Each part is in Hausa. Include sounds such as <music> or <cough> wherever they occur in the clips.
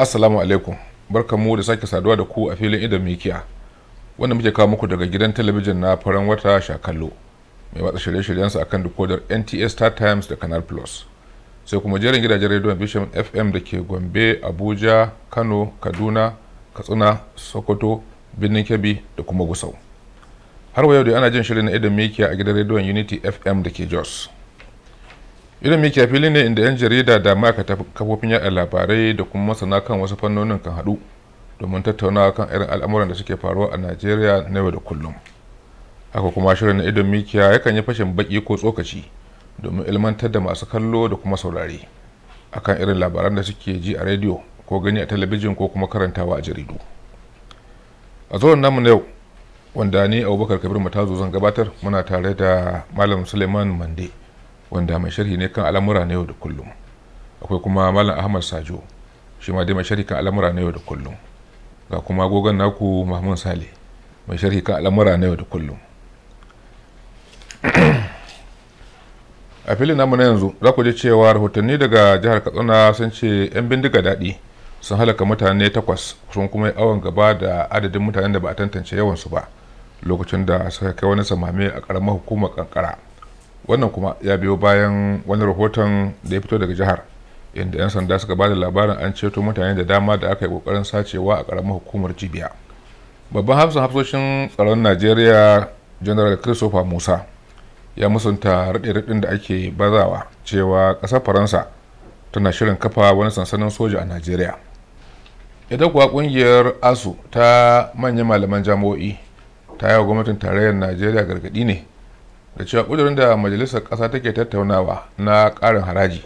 assalamu alaikum mu da sake saduwa da ku a filin idan mikiya wanda muke kawo muku daga gidan talabijin na faran wata shakallo mai watsa shirye shiryen su akan dukodar nts star times da canal plus sai kuma jerin gidajen rediyon bishop fm da ke gombe abuja kano kaduna katsina sokoto birnin kebbi da kuma gusau har wa yau da ana jin shirin na idan mikiya a gidan rediyon unity fm da ke jos irin mike fili ne inda 'yan jarida da ma'aikata kafofin yaɗa labarai da kuma masana kan wasu fannonin kan haɗu domin tattaunawa kan irin al'amuran da suke faruwa a najeriya na yau da kullum haka kuma shirin na idon mikiya yakan yi fashin baki ko tsokaci domin ilmantar da masu kallo da kuma saurare akan irin labaran da suke ji a rediyo ko gani a talabijin ko kuma karantawa a jaridu a zuwan namu na yau wanda ni abubakar kabir matazo zan gabatar muna tare da malam suleiman mande wanda mai sharhi ne kan al'amura na yau da kullum akwai kuma malam ahmad sajo shi ma dai mai sharhi kan al'amura na yau da kullum ga kuma gogon naku mahmud sale mai sharhi kan al'amura na yau da kullum a filin namu na yanzu za ku ji cewa rahotanni daga jihar katsina sun ce 'yan bindiga daɗi sun halaka mutane takwas sun kuma yi awon gaba da adadin mutanen da ba a tantance yawansu ba lokacin da suka kai wani samame a ƙaramar hukumar kankara wannan kuma ya biyo bayan wani rahoton da ya fito daga jihar inda 'yan sanda suka bada labarin an ceto mutane da dama da aka yi kokarin sacewa a karamar hukumar jibiya babban hafsan hafsoshin tsaron najeriya general christopher musa ya musanta raɗe-raɗin da ake bazawa cewa ƙasar faransa tana shirin kafa wani sansanin soja a najeriya ita kuwa ƙungiyar asu ta manyan malaman jami'o'i ta yi wa gwamnatin tarayyar najeriya gargaɗi ne da cewa ƙudurin da majalisar kasa take tattaunawa na karin haraji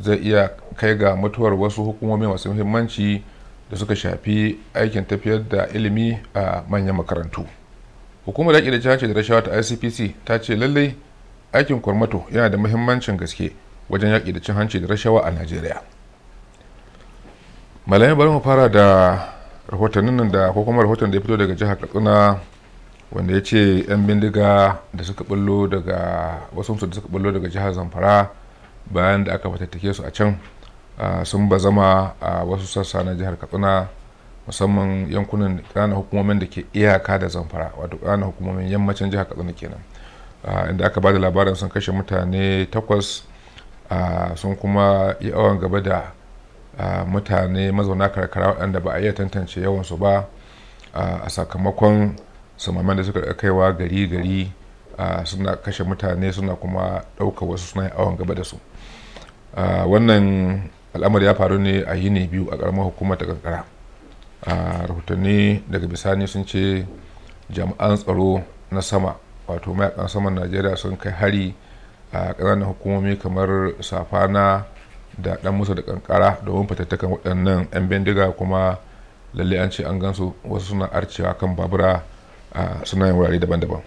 zai iya kai ga mutuwar wasu hukumomi masu muhimmanci da suka shafi aikin tafiyar da ilimi a manyan makarantu hukumar yaƙi da cace da rashawa ta icpc ta ce lallai aikin kwarmato yana da muhimmancin gaske wajen yaƙi da cin hanci da rashawa a najeriya malamai bari mu fara da rahotannin da ko kuma rahoton da ya fito daga jihar katsina wanda ya ce 'yan bindiga da suka bullo daga wasu da suka bullo daga jihar zamfara bayan da aka fatattake su a can sun ba zama a wasu sassa na jihar katsina musamman yankunan ƙananan hukumomin da ke iyaka da zamfara wato ƙananan hukumomin yammacin jihar katsina kenan inda aka ba da labarin sun kashe mutane takwas sun kuma yi awon gaba da mutane mazauna karkara waɗanda ba a iya tantance yawansu ba a sakamakon samaman da suka kaiwa gari gari suna kashe mutane suna kuma ɗauka wasu suna awon gaba da su wannan al'amari ya faru ne a yini biyu a karamar hukumar ta kankara rahotanni daga bisani sun ce jami'an tsaro na sama wato mayakan saman najeriya sun kai hari a kananan hukumomi kamar safana da dan musa da kankara domin fitattakan waɗannan 'yan bindiga kuma lalle an ce an gansu wasu suna arcewa kan babura a sunayen wurare daban-daban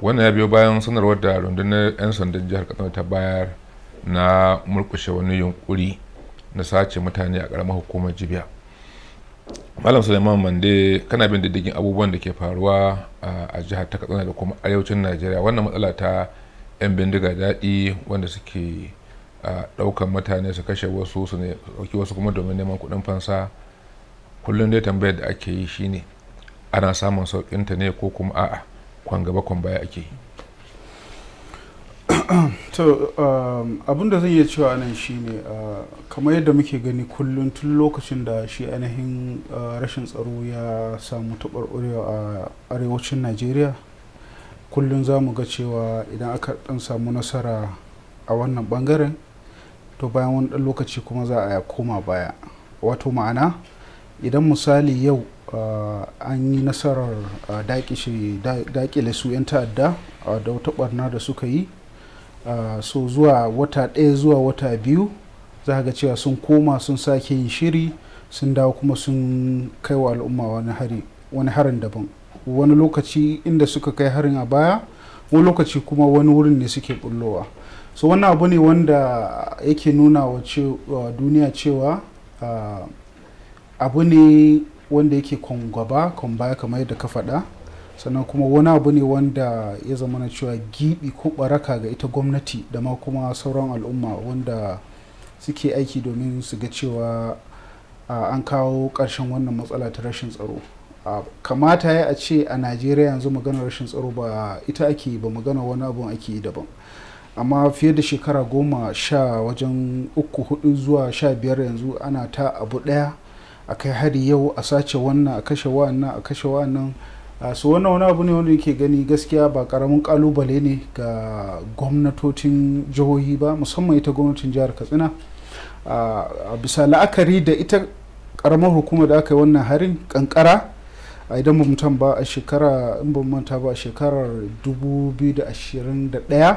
wannan ya biyo bayan sanarwar da rundunar 'yan sandan jihar katsina ta bayar na murkushe wani yunkuri na sace mutane a karamar hukumar jibiya malam suleiman mande kana bin diddigin abubuwan da ke faruwa a jihar ta katsina da kuma arewacin najeriya wannan matsala ta 'yan bindiga daɗi wanda suke ɗaukan mutane su kashe wasu su ne wasu kuma domin neman kuɗin fansa kullum dai tambayar da ake yi shine ana samun ta ne ko kuma a'a kwan gaba kwan baya ake yi <coughs> to um, abin da zan iya cewa nan shine uh, kamar yadda muke gani kullum tun lokacin da shi ainihin uh, rashin tsaro ya samu urewa a arewacin najeriya kullum za mu ga cewa idan aka ɗan samu nasara a wannan bangaren to bayan wani ɗan lokaci kuma za a koma baya wato ma'ana idan misali yau Uh, an yi nasarar uh, daƙile su 'yan ta'adda uh, da wata ɓarna da suka yi so zuwa wata ɗaya zuwa wata biyu za ga cewa sun koma sun sake yin shiri sun dawo kuma sun kai wa al'umma wani harin daban wani lokaci inda suka kai harin a baya wani lokaci kuma wani wurin ne suke bullowa so wannan abu ne wanda yake nuna wa duniya cewa abu ne wanda yake kwangwaba gaba kamar yadda ka faɗa sannan kuma wani abu ne wanda ya zama na cewa gibi ko ɓaraka ga ita gwamnati da ma kuma sauran al'umma wanda suke aiki domin su ga cewa an kawo ƙarshen wannan matsala ta rashin tsaro kamata ya a ce a najeriya yanzu maganar rashin tsaro ba ita ake ba magana wani abu ake yi daban amma fiye da shekara goma sha wajen uku hudu zuwa sha biyar yanzu ana ta abu ɗaya a kai hari yau a sace wannan a kashe wannan a kashe wannan su wannan wani abu ne wanda yake gani gaskiya ba karamin kalubale ne ga gwamnatocin jihohi ba musamman ita gwamnatin jihar katsina a bisa la'akari da ita karamar hukumar da aka yi wannan harin kankara a idan ba mutum ba a shekara in ba manta ba a shekarar 2021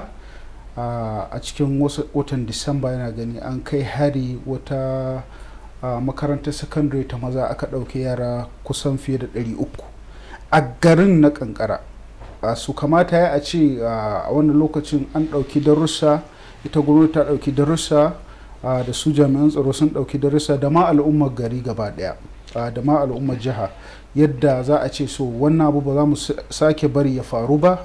a cikin watan disamba yana gani an kai hari wata a makarantar sakandare ta maza aka ɗauki yara kusan fiye da 300 a garin na kankara su kamata ya a ce a wannan lokacin an ɗauki darussa ita gwamnati ta ɗauki darussa da su jami'an tsaro sun ɗauki darussa da ma al'ummar gari gaba ɗaya da ma al'ummar jiha yadda za a ce so wannan abu ba za mu sake bari ya faru ba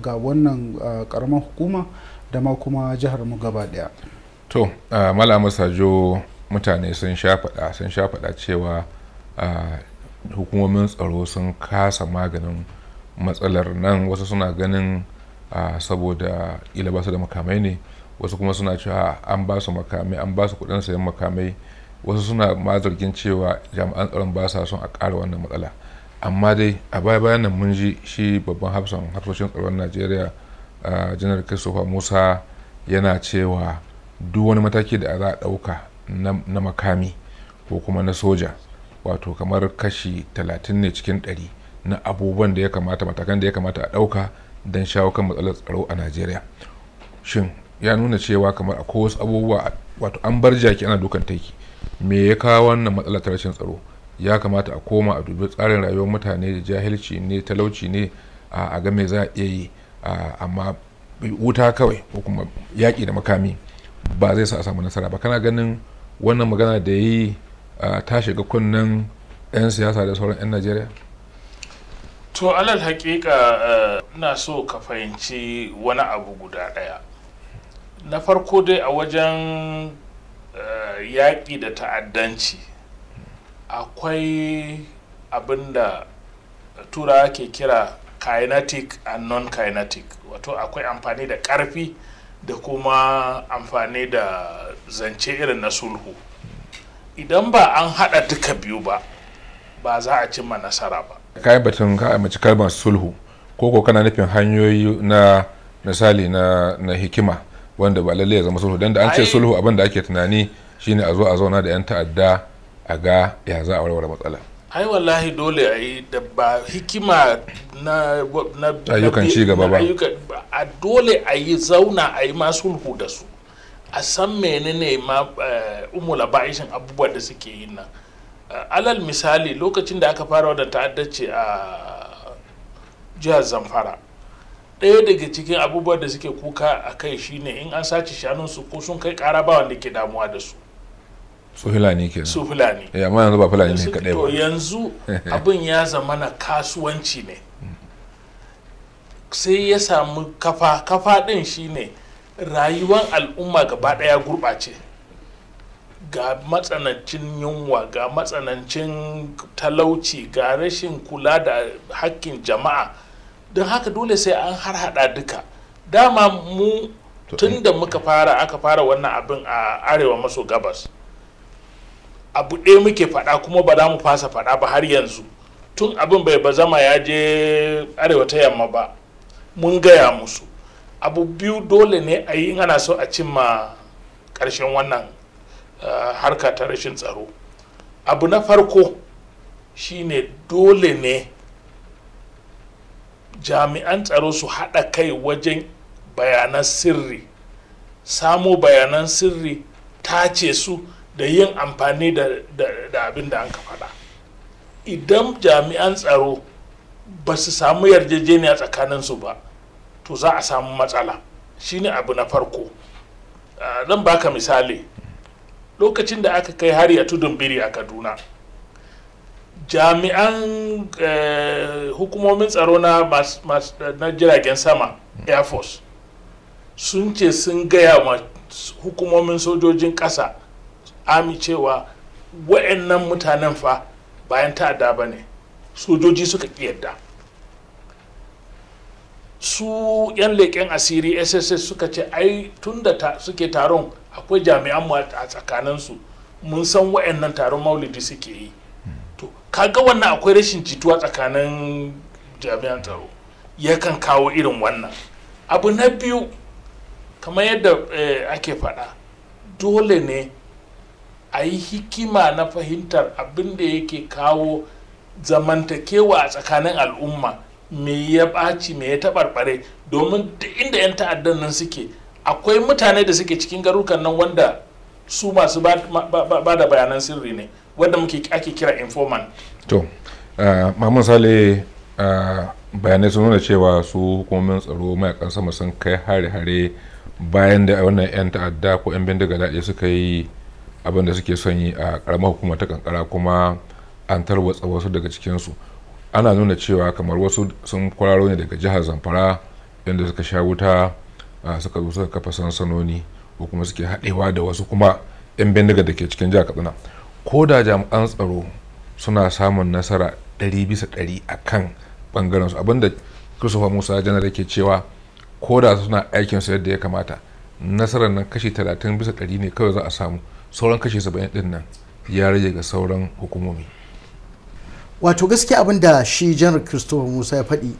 ga wannan karamar hukuma da ma kuma jihar mu gaba ɗaya to malama sajo mutane sun sha sun sha cewa hukumomin tsaro sun kasa maganin matsalar nan wasu suna ganin saboda ila basu da makamai ne wasu kuma suna cewa an ba su makamai an ba su kuɗin sayan makamai wasu suna ma zargin cewa jami'an tsaron ba sa son a ƙara wannan matsala amma dai a baya bayan nan mun ji shi babban hafsan hafsoshin tsaron najeriya janar christopher musa yana cewa duk wani mataki da za a ɗauka na makami ko kuma na soja wato kamar kashi 30 ne cikin 100 na abubuwan da ya kamata matakan da ya kamata a dauka don shawo kan matsalar tsaro a najeriya shin ya nuna cewa kamar a wasu abubuwa wato an bar jaki ana dukan taiki me ya kawo wannan matsalar rashin tsaro ya kamata a koma a dubi tsarin rayuwar mutane da jahilci ne talauci ne a ga me za a iya yi amma wuta kawai ko kuma yaƙi da makami ba zai sa a samu nasara ba kana ganin wannan magana da yi ta shiga kunnen 'yan siyasa da sauran 'yan najeriya to alal hakika na so ka fahimci wani abu guda daya na farko dai a wajen yaƙi da ta'addanci akwai abinda turawa ke kira kinetic and non-kinetic wato akwai amfani da ƙarfi da kuma amfani da zance irin na sulhu idan ba an haɗa duka biyu ba ba za a cimma nasara ba kayan batun ka mace kalmar sulhu ko ko kana nufin hanyoyi na misali na, na hikima wanda ba lallai ya zama sulhu don da an ce sulhu abin da ake tunani shine a zo a zauna da 'yan ta'adda a ga ya za a warware matsala ai wallahi dole a yi da ba hikima na ayyukan ci gaba ba a dole a yi zauna a yi masu sulhu da su a san menene ma eh, umul abaishin abubuwan da suke yi na eh, alal misali lokacin da aka fara wadda ta'addace a jihar zamfara ɗaya daga cikin abubuwan da suke kuka a kai shine in an sace su ko sun kai ƙara ba wanda ke damuwa da su su fulani ke su fulani ya eh, amma yanzu ba fulani ne kadai ba yanzu <laughs> abin ya zama na kasuwanci ne sai ya samu kafa kafa din shine rayuwar al'umma gaba daya gurɓace ga matsanancin yunwa ga matsanancin talauci ga rashin kula da hakkin jama'a don haka dole sai an har duka dama mu tun da muka fara aka fara wannan abin a arewa maso gabas abu ɗaya muke faɗa kuma ba za mu fasa faɗa ba har yanzu tun abin bai ba zama ya je arewa ta yamma ba mun gaya musu abu biyu dole ne a yi ana so a cimma ƙarshen wannan eh, harka ta rashin tsaro abu na farko shine dole ne jami'an tsaro su haɗa kai wajen bayanan sirri samo bayanan sirri tace su da yin amfani da abin da an ka faɗa idan jami'an tsaro ba su samu yarjejeniya tsakaninsu ba to za a samu matsala shine abu na farko zan baka misali lokacin da aka kai hari a tudun biri a kaduna jami'an eh, hukumomin tsaro na jiragen sama air force sun ce sun gaya ma hukumomin sojojin ƙasa ami cewa wa'annan mutanen fa bayan ta'adda ba ne sojoji suka ƙi yadda su 'yan leƙen asiri sss suka ce ai tun da suke taron akwai jami'an mu a tsakaninsu mun san wa'annan taron maulidi suke yi to kaga wannan akwai rashin jituwa tsakanin jami'an tsaro yakan kawo irin wannan abu na biyu kamar yadda eh, ake faɗa dole ne a yi hikima na fahimtar abin da yake kawo zamantakewa a tsakanin al'umma me ya ɓaci me ya taɓarɓare domin inda 'yan ta'addan nan suke akwai mutane da suke cikin garukan nan wanda su masu ba da bayanan sirri ne wanda muke ake kira informant to eh, mamun sale eh, bayanai sun nuna cewa su hukumomin tsaro mayakan sama sun kai hare-hare bayan da wannan 'yan ta'adda ko 'yan bindiga daɗe suka yi abin da suke sanyi a karamar hukumar ta kankara kuma an tarwatsa wasu daga cikinsu ana nuna cewa kamar wasu sun kwararo ne daga jihar zamfara inda suka sha wuta suka zo suka kafa sansanoni ko kuma suke haɗewa da wasu kuma 'yan bindiga da ke cikin jihar katsina ko da jami'an tsaro suna samun nasara ɗari bisa ɗari a kan ɓangaren su abinda christopher musa janar yake cewa ko da suna aikin yadda ya kamata nasarar nan kashi talatin bisa ɗari ne kawai za a samu sauran kashe 70 din nan ya rage ga sauran hukumomi wato gaskiya abin da shi janar christopher musa ya faɗi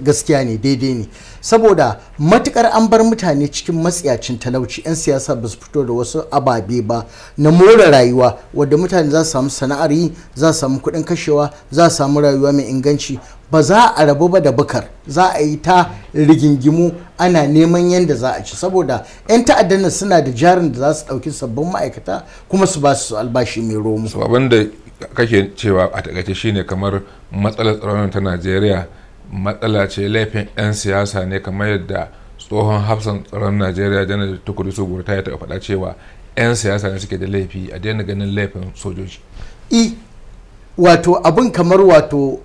gaskiya ne daidai ne saboda matukar an bar mutane cikin matsiyacin talauci 'yan siyasa ba su fito da wasu ababe ba na more rayuwa wadda mutane za su samu sana'ar yi za su samu kudin kashewa za su samu rayuwa mai inganci ba za a rabu ba da bukar za a yi ta rigingimu ana neman yadda za a ci saboda 'yan ta'addan nan suna da jarin da za su ɗauki sabbin ma'aikata kuma su ba su albashi mai romu. su abin da kake cewa a takaice shine kamar matsalar tsaron ta najeriya matsala ce laifin 'yan siyasa ne kamar yadda tsohon hafsan tsaron najeriya janar tukuri su ta ya taɓa faɗa cewa 'yan siyasa ne suke da laifi a daina ganin laifin sojoji. i wato abin kamar wato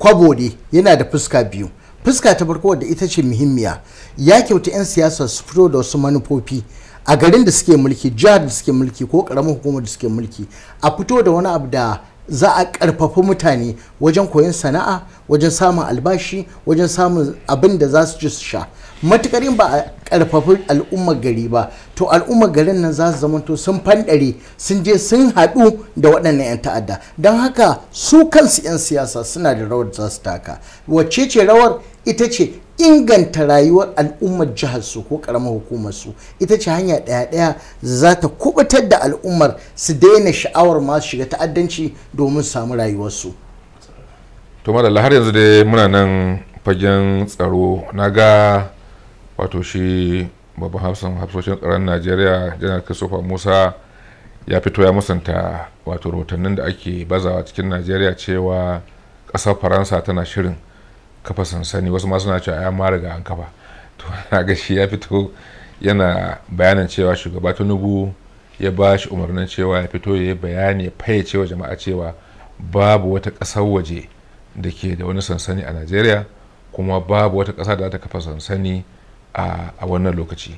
kwabo ne yana da fuska biyu fuska ta farko wadda ita ce muhimmiya ya kyauta 'yan siyasa su fito da wasu manufofi a garin da suke mulki jihar da suke mulki ko karamin hukumar da suke mulki a fito da wani abu da za a karfafi mutane wajen koyon sana'a wajen samun albashi wajen samun abin da za su ci su sha matukar yin ba a karfafin al'ummar gari ba to al'ummar garin nan za su zamanto sun fanɗare sun je sun haɗu da waɗannan 'yan ta'adda don haka su kansu 'yan siyasa suna da rawar za su taka wacce ce rawar ita ce inganta rayuwar al'ummar jihar su ko karamar hukumar su ita ce hanya ɗaya ɗaya za ta kubutar da al'ummar su daina sha'awar masu shiga ta'addanci domin samu rayuwarsu to madalla har yanzu dai muna nan fagen tsaro na ga wato shi babban hafsan hafsoshin tsaron najeriya janar christopher musa ya fito ya musanta wato rahotannin da ake bazawa cikin najeriya cewa ƙasar faransa tana shirin kafa sansani wasu masu na cewa ya ma riga an kafa to <laughs> na ga shi ya fito yana bayanin cewa shugaba tinubu ya ba shi umarnin cewa ya fito ya yi bayani ya fayyace wa jama'a cewa babu wata ƙasar waje da ke da wani sansani a najeriya kuma babu wata ƙasa da za ta kafa sansani a wannan lokaci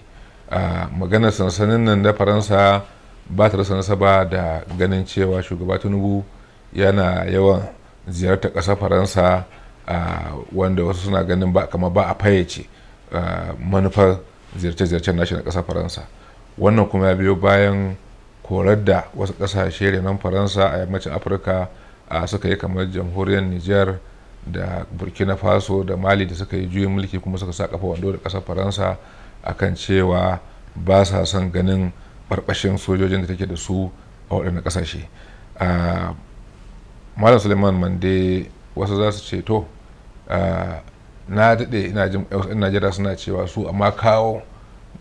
maganar sansanin nan na faransa ba ta rasa nasaba da ganin cewa shugaba tinubu yana yawan ziyarta ƙasar faransa wanda wasu suna ganin ba kama ba a fayyace manufar ziyarce-ziyarcen nashi na kasa faransa wannan kuma ya biyo bayan korar da wasu ƙasashe renon faransa a yammacin afirka suka yi kamar jamhuriyar nijar. da burkina faso da mali da suka yi juyin mulki kuma suka sa kafa wando da kasar faransa akan cewa ba sa son ganin barbashin sojojin da take da su a waɗannan ƙasashe malam suleiman mande wasu za su ce to na daɗe ina jin yan najeriya suna cewa su amma kawo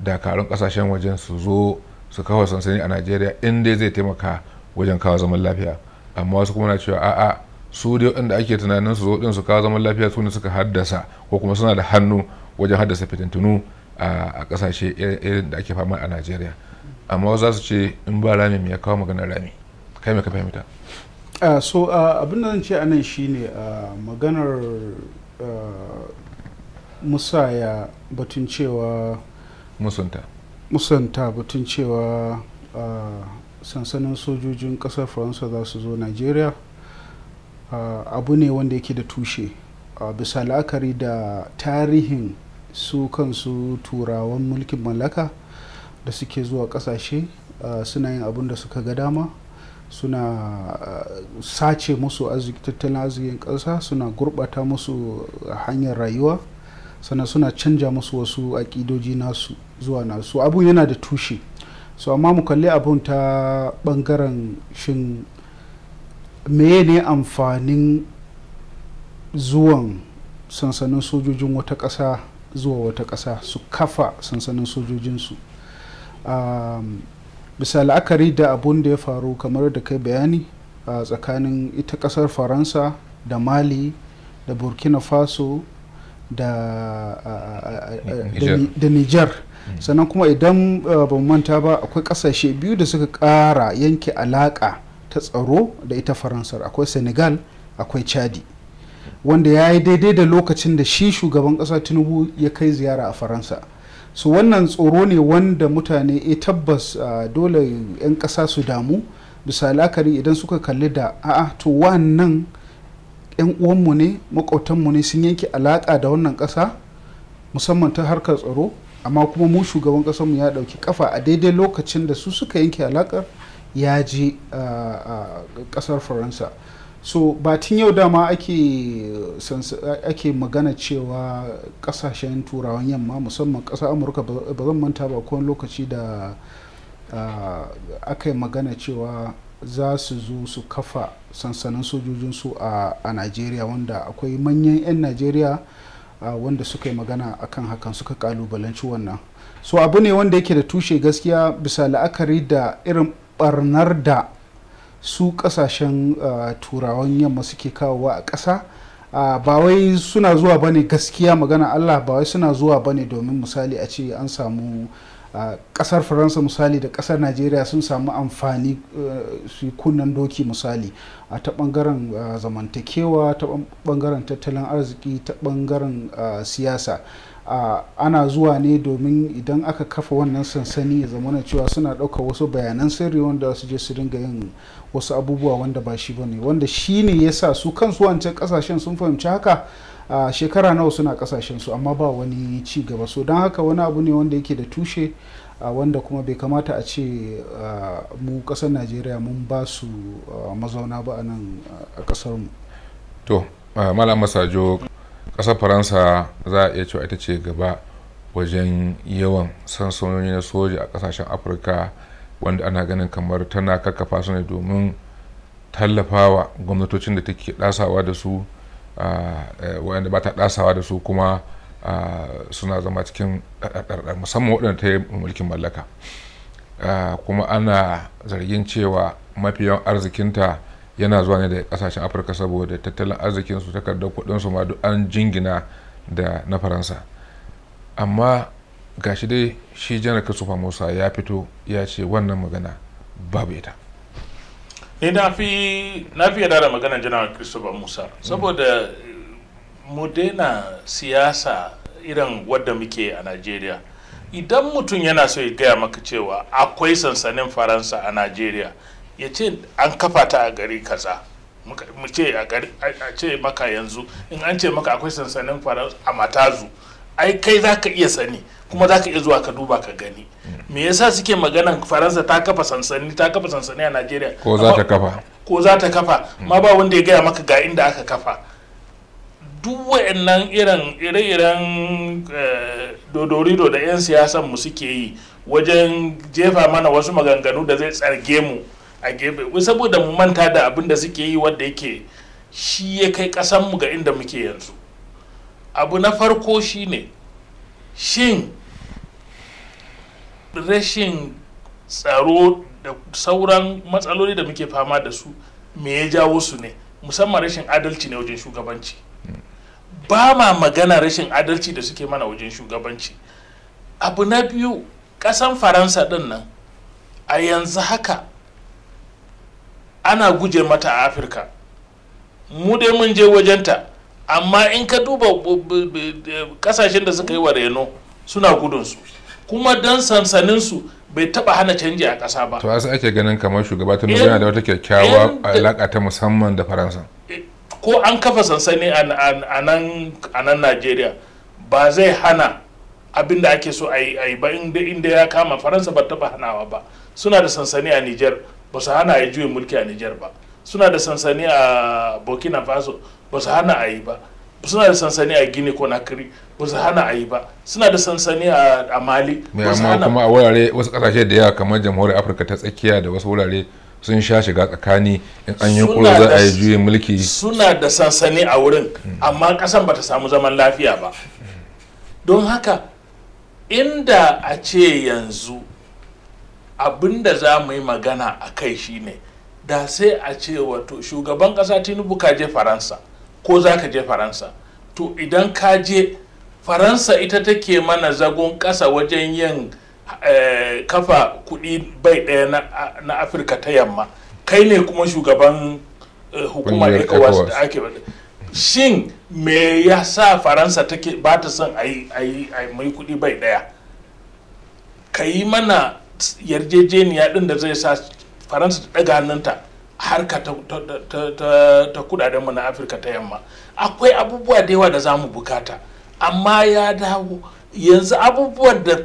dakarun ƙasashen wajen su zo su kawo sansani a najeriya inda zai taimaka wajen kawo zaman lafiya amma wasu kuma na cewa a'a su dai waɗanda ake tunanin su zo su kawo zaman lafiya su ne suka haddasa ko kuma suna da hannu wajen haddasa fitintunu a kasashe irin da ake fama a najeriya amma za su ce in ba rami ya kawo maganar rami kai mai ka fahimta so abin da zan ce anan shi ne maganar musaya batun cewa musanta musanta batun cewa sansanin sojojin kasar faransa za su zo nigeria Ah, abu ne wanda yake da tushe ah, bisa la'akari da tarihin su kansu turawan mulkin mallaka da suke zuwa kasashe ah, suna yin abun da suka ga dama suna sace musu tattalin arzikin ƙasa suna gurɓata musu hanyar rayuwa sannan suna canja musu wasu aƙidoji nasu zuwa nasu abu yana da tushe so amma mu kalli abun ta ɓangaren shin me ne amfanin zuwan sansanin sojojin wata ƙasa zuwa wata ƙasa su kafa sansanin sojojinsu bisa la'akari da abun da ya faru kamar da kai bayani a tsakanin ita ƙasar faransa da mali da burkina faso da da niger hmm. sannan kuma idan eh, ban manta ba akwai ƙasashe biyu da suka ƙara yanke alaƙa ta tsaro da ita faransar akwai senegal akwai chadi wanda ya yi daidai da lokacin da shi shugaban kasa tinubu ya kai ziyara a faransa su so, wannan tsoro ne wanda mutane e tabbas uh, dole 'yan kasa su damu bisa lakari idan suka kalli da a'a to wannan 'yan uwanmu ne makwautanmu ne sun yanke alaƙa da wannan kasa musamman ta harkar tsaro amma kuma mu shugaban mu ya ɗauki kafa a daidai lokacin da su suka yanke alaƙar ya je kasar ah, ah, faransa so tun yau dama ake magana cewa kasashen turawan yamma musamman kasar amurka ba zan manta ba kowane lokaci da ah, aka yi magana cewa za su zo su kafa sansanin sojojinsu a najeriya wanda akwai manyan 'yan najeriya wanda suka yi magana akan hakan suka kalubalanci wannan so abu ne wanda yake da tushe gaskiya bisa la'akari da irin barnar da su kasashen uh, turawan yamma suke kawowa a ƙasa uh, ba wai suna zuwa bane gaskiya magana allah ba wai suna zuwa bane domin misali a ce an samu uh, ƙasar faransa misali da ƙasar najeriya sun samu amfani su kunnan doki misali a ta bangaren zamantakewa ta bangaren tattalin arziki ta bangaren siyasa ana zuwa ne domin idan aka kafa wannan sansani ya zamana cewa suna ɗaukar wasu bayanan sirri wanda su je su dinga yin wasu abubuwa wanda ba shi bane wanda shi ne ya sa su kansu wancan kasashen sun fahimci haka a shekara nawa suna kasashen su amma ba wani ci gaba so don haka wani abu ne wanda yake da tushe wanda kuma bai kamata a ce mu ƙasar najeriya mun ba su mazauna ba a nan a ƙasarmu to malam masajo ƙasar faransa za a iya cewa ita ce gaba wajen yawan sansanoni na soja a ƙasashen afirka wanda ana ganin kamar tana kakkafa su ne domin tallafawa gwamnatocin da take ɗasawa da su wanda ba ta ɗasawa da su kuma suna zama cikin ɗarɗar musamman waɗanda ta yi mulkin mallaka kuma ana zargin cewa mafi yawan arzikinta yana zuwa ne da kasashen afirka saboda tattalin arzikinsu takardar kudinsu ma duk an jingina da na faransa amma ga shi dai shi janar christopher musa ya fito ya ce wannan magana babu ita ni eh, na fi na fi da magana janar christopher musa mm. saboda mu daina siyasa irin wadda muke a nigeria idan mutum yana so ya gaya maka cewa akwai sansanin faransa a najeriya ya ce an kafa ta a gari kaza mu ce a ce maka yanzu in an ce maka akwai sansanin faransa a matazu ai kai za ka iya sani kuma za ka iya zuwa ka duba ka gani me yasa suke maganan faransa ta kafa sansani ta kafa sansani a najeriya ko za ta kafa ko za ta kafa mm. ma ba wanda ya gaya maka ga inda aka kafa duk wa'annan irin ire-iren eh, dodorido da 'yan siyasan mu suke yi wajen jefa mana wasu maganganu da zai tsarge mu a gefe saboda mu manta da abin da suke yi wanda yake shi ya kai mu ga inda muke yanzu abu na farko shine shin rashin tsaro da sauran matsaloli da muke fama da su me ya jawo su ne musamman rashin adalci ne wajen shugabanci ba ma magana rashin adalci da suke mana wajen shugabanci abu na biyu ƙasan faransa din nan a yanzu haka ana guje mata a afirka mu dai mun je wajenta amma in ka duba eh, kasashen da suka yi wa reno suna gudunsu kuma don sansaninsu bai taba hana canji a ƙasa ba. to asa ake ganin kamar shugaba ta eh, yana da wata kyakkyawa eh, alaƙa ta musamman da faransa. ko an kafa sansani a nan najeriya ba zai hana abin da ake so a yi ba inda ya kama faransa ba taba hanawa ba suna da sansani a niger ba su hana a yi juyin mulki a niger ba suna da sansani a burkina faso ba su hana a yi ba suna da sansani a gini conakry ba su hana a yi ba suna da sansani a mali ba su hana kuma a wurare wasu kasashe da yawa kamar jamhuriyar afirka ta tsakiya da wasu wurare sun sha shiga tsakani in an yi kula za a yi juyin mulki suna da sansani a wurin amma kasan ba ta samu zaman lafiya ba don haka inda a ce yanzu abin da za mu yi magana a kai shine da sai a ce wato shugaban ƙasa tinubu ka je faransa ko za ka je faransa to idan ka je faransa ita take mana zagon ƙasa wajen yin eh, kafa kuɗi bai ɗaya na, afirka ta yamma kai ne kuma shugaban eh, hukumar ecowas da ake shin me ya sa faransa take ba ta son a yi mai kuɗi bai ɗaya ka yi mana yarjejeniya din da zai sa faransa ta daga hannunta harka ta kudaden mu na afirka ta yamma akwai abubuwa da yawa da za mu bukata amma ya dawo yanzu abubuwan da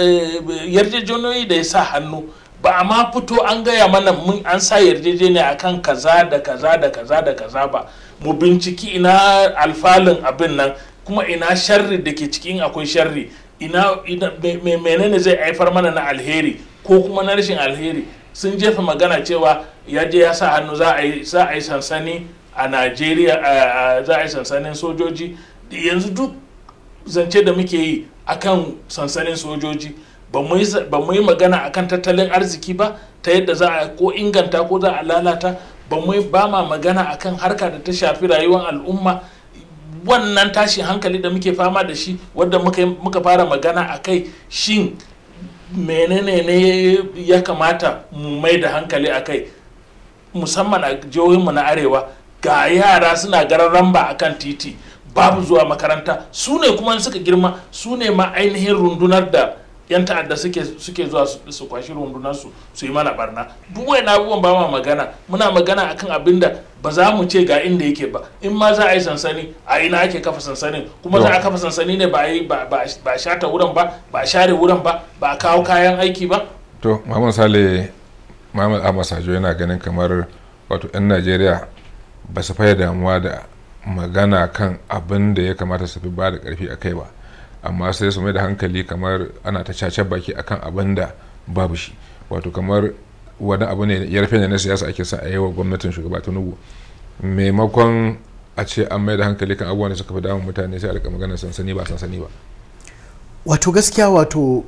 eh, yarjejeniyoyi da ya sa hannu ba a ma fito an gaya mana mun an sa yarjejeniya a kan kaza da kaza da kaza da kaza ba mu binciki ina alfalin abin nan kuma ina sharri da ke cikin akwai sharri ina menene zai haifar mana na alheri ko kuma na rashin alheri sun jefa magana cewa ya je ya sa hannu za a yi sansani a najeriya za a yi sansanin sojoji yanzu duk zance da muke yi akan sansanin sojoji ba mu yi magana akan tattalin arziki ba ta yadda za a ko inganta ko za a lalata ba mu ba ma magana akan harka da ta shafi rayuwar al'umma wannan tashin hankali da muke fama da shi wadda muka fara magana a kai shin menene ne ya kamata mu mai da hankali a kai musamman a jihohinmu na arewa ga yara suna garan ramba a kan titi babu zuwa makaranta su ne kuma suka girma su ne ma ainihin rundunar da yan ta'adda suke suke zuwa su kwashi rundunar su su yi mana barna duk wayan abubuwan ba ma magana muna magana akan abin da ba za mu ce ga inda yake ba in ma za a yi sansani a ina ake kafa sansanin kuma za a kafa sansani ne ba a shata wurin ba ba a share wurin ba ba a kawo kayan aiki ba to mamun sale mamun amasajo yana ganin kamar wato 'yan najeriya ba su faya damuwa da magana kan abin da ya kamata su fi ba da karfi a kai ba amma sai su mai da hankali kamar ana ta cacar baki akan abin da babu shi wato kamar wani abu ne ya ne na siyasa ake sa a yi wa gwamnatin shugaba tinubu maimakon a ce an mai da hankali kan abubuwan da suka fi damun mutane sai a magana sansani ba sansani ba wato gaskiya wato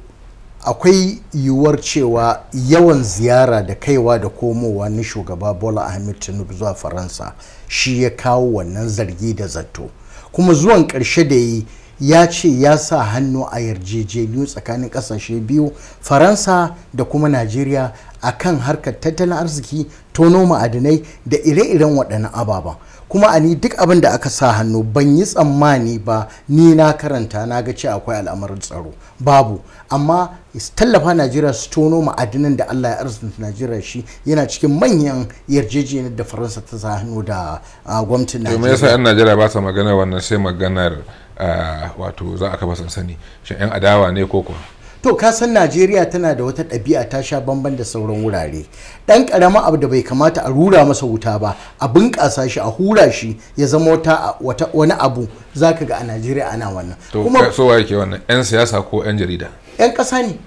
akwai yiwuwar cewa yawan ziyara da kaiwa da komowa na shugaba bola ahmed tinubu zuwa faransa shi ya kawo wannan zargi da zato kuma zuwan karshe da yi ya ce ya sa hannu a yarjejeniyu tsakanin kasashe biyu faransa da kuma najeriya a kan harkar tattalin arziki tono ma'adinai da ire-iren waɗannan ababen kuma a ni duk abin da aka sa hannu ban yi tsammani ba ni na karanta na ga ce akwai al'amarin tsaro babu amma tallafa najeriya su tono ma'adinan da allah ya arzikin najeriya shi yana cikin manyan yarjejeniyar da faransa ta sa hannu da gwamnatin najeriya. to me yasa 'yan najeriya ba sa magana wannan sai maganar wato za a kafa sansani shin 'yan adawa ne ko kuwa to ka san najeriya tana da wata ɗabi'a ta sha bamban da sauran wurare ɗan ƙarama abu da bai kamata a rura masa wuta ba a bunƙasa shi a hura shi ya zama wata wani abu za ka ga a najeriya ana wannan to kuma so wa yake wannan 'yan siyasa ko 'yan jarida 'yan ƙasa ne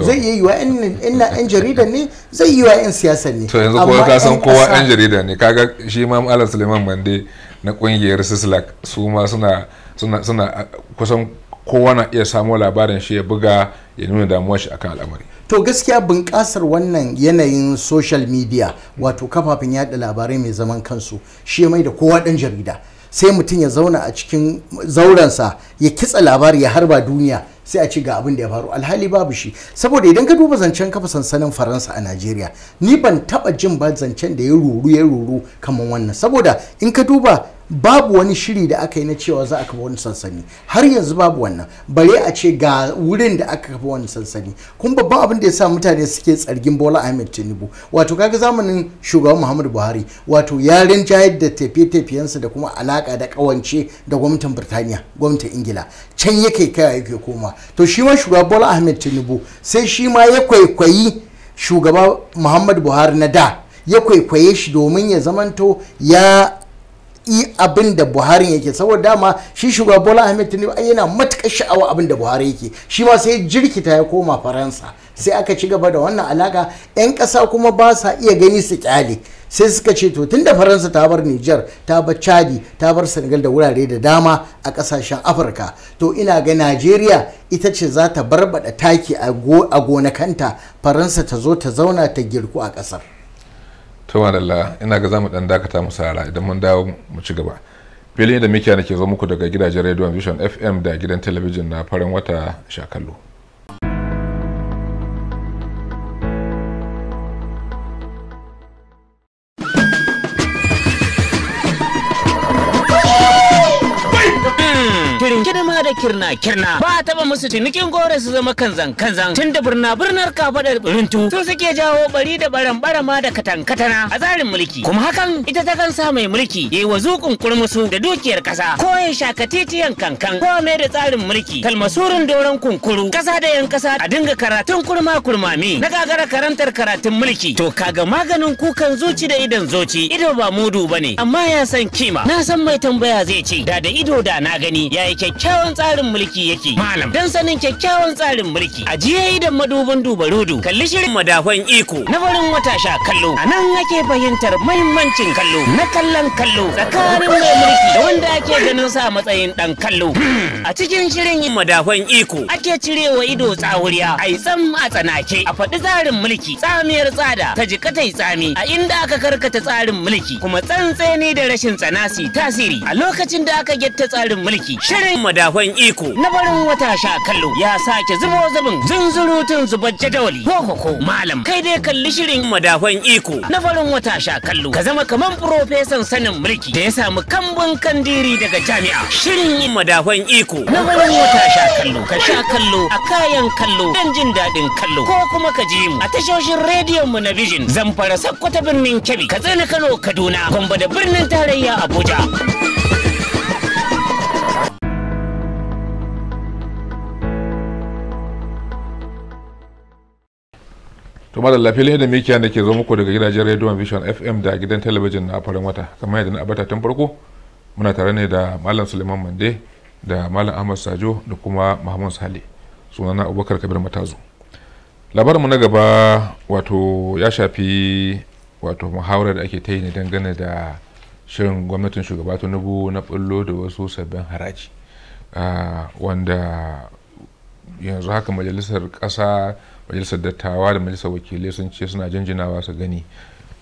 zai yi yiwa yan jarida ne zai yi yiwa yan siyasa ne to yanzu kuma ka san kowa yan jarida ne kaga shi ma malam suleiman mande na kungiyar sislak su ma suna suna kusan kowa na iya samo labarin shi ya buga ya nuna damuwar shi akan al'amari to gaskiya bunƙasar wannan yanayin social media wato kafafen yada labarai mai zaman kansu shi mai da kowa dan jarida sai mutum ya zauna a cikin zaurensa ya kitsa labari ya harba duniya sai a ci ga abin da ya faru alhali babu shi saboda idan ka duba zancen kafa sansanin faransa a najeriya ni ban taba jin ba zancen da ya ruru ya ruru kamar wannan saboda in ka duba babu wani shiri da aka yi na cewa za a kafa wani sansani har yanzu babu wannan bare a ce ga wurin da aka kafa wani sansani kuma babban abin da ya sa mutane suke tsargin bola ahmed tinubu wato kaga zamanin shugaban muhammadu buhari wato ya rinja da tafiye-tafiyensa da kuma alaka da kawance da gwamnatin birtaniya gwamnatin ingila can yake kai yake koma to shi ma shugaban bola ahmed tinubu sai shi ma ya kwaikwayi shugaba muhammadu buhari na da ya kwaikwaye shi domin ya zamanto ya yi abin da buhari yake saboda dama shi shugaba bola ahmed tinubu ai yana matukar sha'awa abin da buhari yake shi ma sai jirkita ya koma faransa sai aka ci gaba da wannan alaka yan kasa kuma ba sa iya gani su kyale sai suka ce to tunda faransa ta bar niger ta bar chadi ta bar senegal da wurare da dama a kasashen afirka to ina ga najeriya ita ce za ta barbada taki a gonakanta faransa ta zo ta zauna ta girku a kasar to madalla ina ga zamu dan dakata mu sarara idan mun dawo mu ci gaba filin da mikiya ke zo muku daga gidajen radio vision fm da gidan talabijin na farin wata shakallo ma da kirna kirna ba a taba musu cinikin gore su zama kanzan kanzan tun da birna birnar kafadar birintu su suke jawo bari da baran barama da katankatana a tsarin mulki kuma hakan ita ta kansa mai mulki yayi wa zukun kurmusu da dukiyar kasa ko ya shaka titiyan kankan ko mai da tsarin mulki kalmasurin doron kunkuru kasa da yan kasa a dinga karatun kurma kurmami na gagara karantar karatun mulki to kaga maganin kukan zuci da idan zoci ido ba mudu ba ne. amma ya san kima na san mai tambaya zai ce da da ido da na gani yayi kyakkyawa kyakkyawan tsarin mulki yake malam don sanin kyakkyawan tsarin mulki ajiye idan madubin dubarudu kalli shirin madafan iko na barin wata sha kallo a nan ake fahimtar mahimmancin kallo na kallon kallo tsakanin mai mulki da wanda ake ganin sa matsayin dan kallo hmm. a cikin shirin madafan iko ake cirewa ido tsawuriya ai tsam a tsanake a faɗi tsarin mulki tsamiyar tsada ta jika katai tsami a inda aka karkata tsarin mulki kuma tsantseni da rashin tsanasi tasiri a lokacin da aka getta tsarin mulki shirin Madafan iko na barin wata sha kallo ya sake zubo zubin zunzurutun zubar jadawali ko malam kai dai kalli shirin Madafan iko na barin wata sha kallo ka zama kaman profesan sanin mulki da ya samu kambun kandiri daga jami'a shirin madafan iko na barin wata sha kallo ka sha kallo a kayan kallo dan jin daɗin kallo ko kuma ka ji mu a tashoshin rediyon mu na vision zamfara sakkwata birnin kebbi ka kano kaduna gombe da birnin tarayya abuja to malam lafiyar da mikiya da ke zo muku daga gidajen radio vision fm da gidan talabijin na farin wata kamar yadda na abata tun farko muna tare ne da malam suleiman mande da malam ahmad sajo da kuma muhammad sale na abubakar kabir matazu labarinmu na gaba wato ya shafi wato muhawarar da ake ta yi ne dangane da shirin gwamnatin shugaba tinubu na bullo da wasu sabbin haraji ah, wanda yanzu haka majalisar ƙasa majalisar dattawa da majalisar wakilai sun ce suna jinjinawa su gani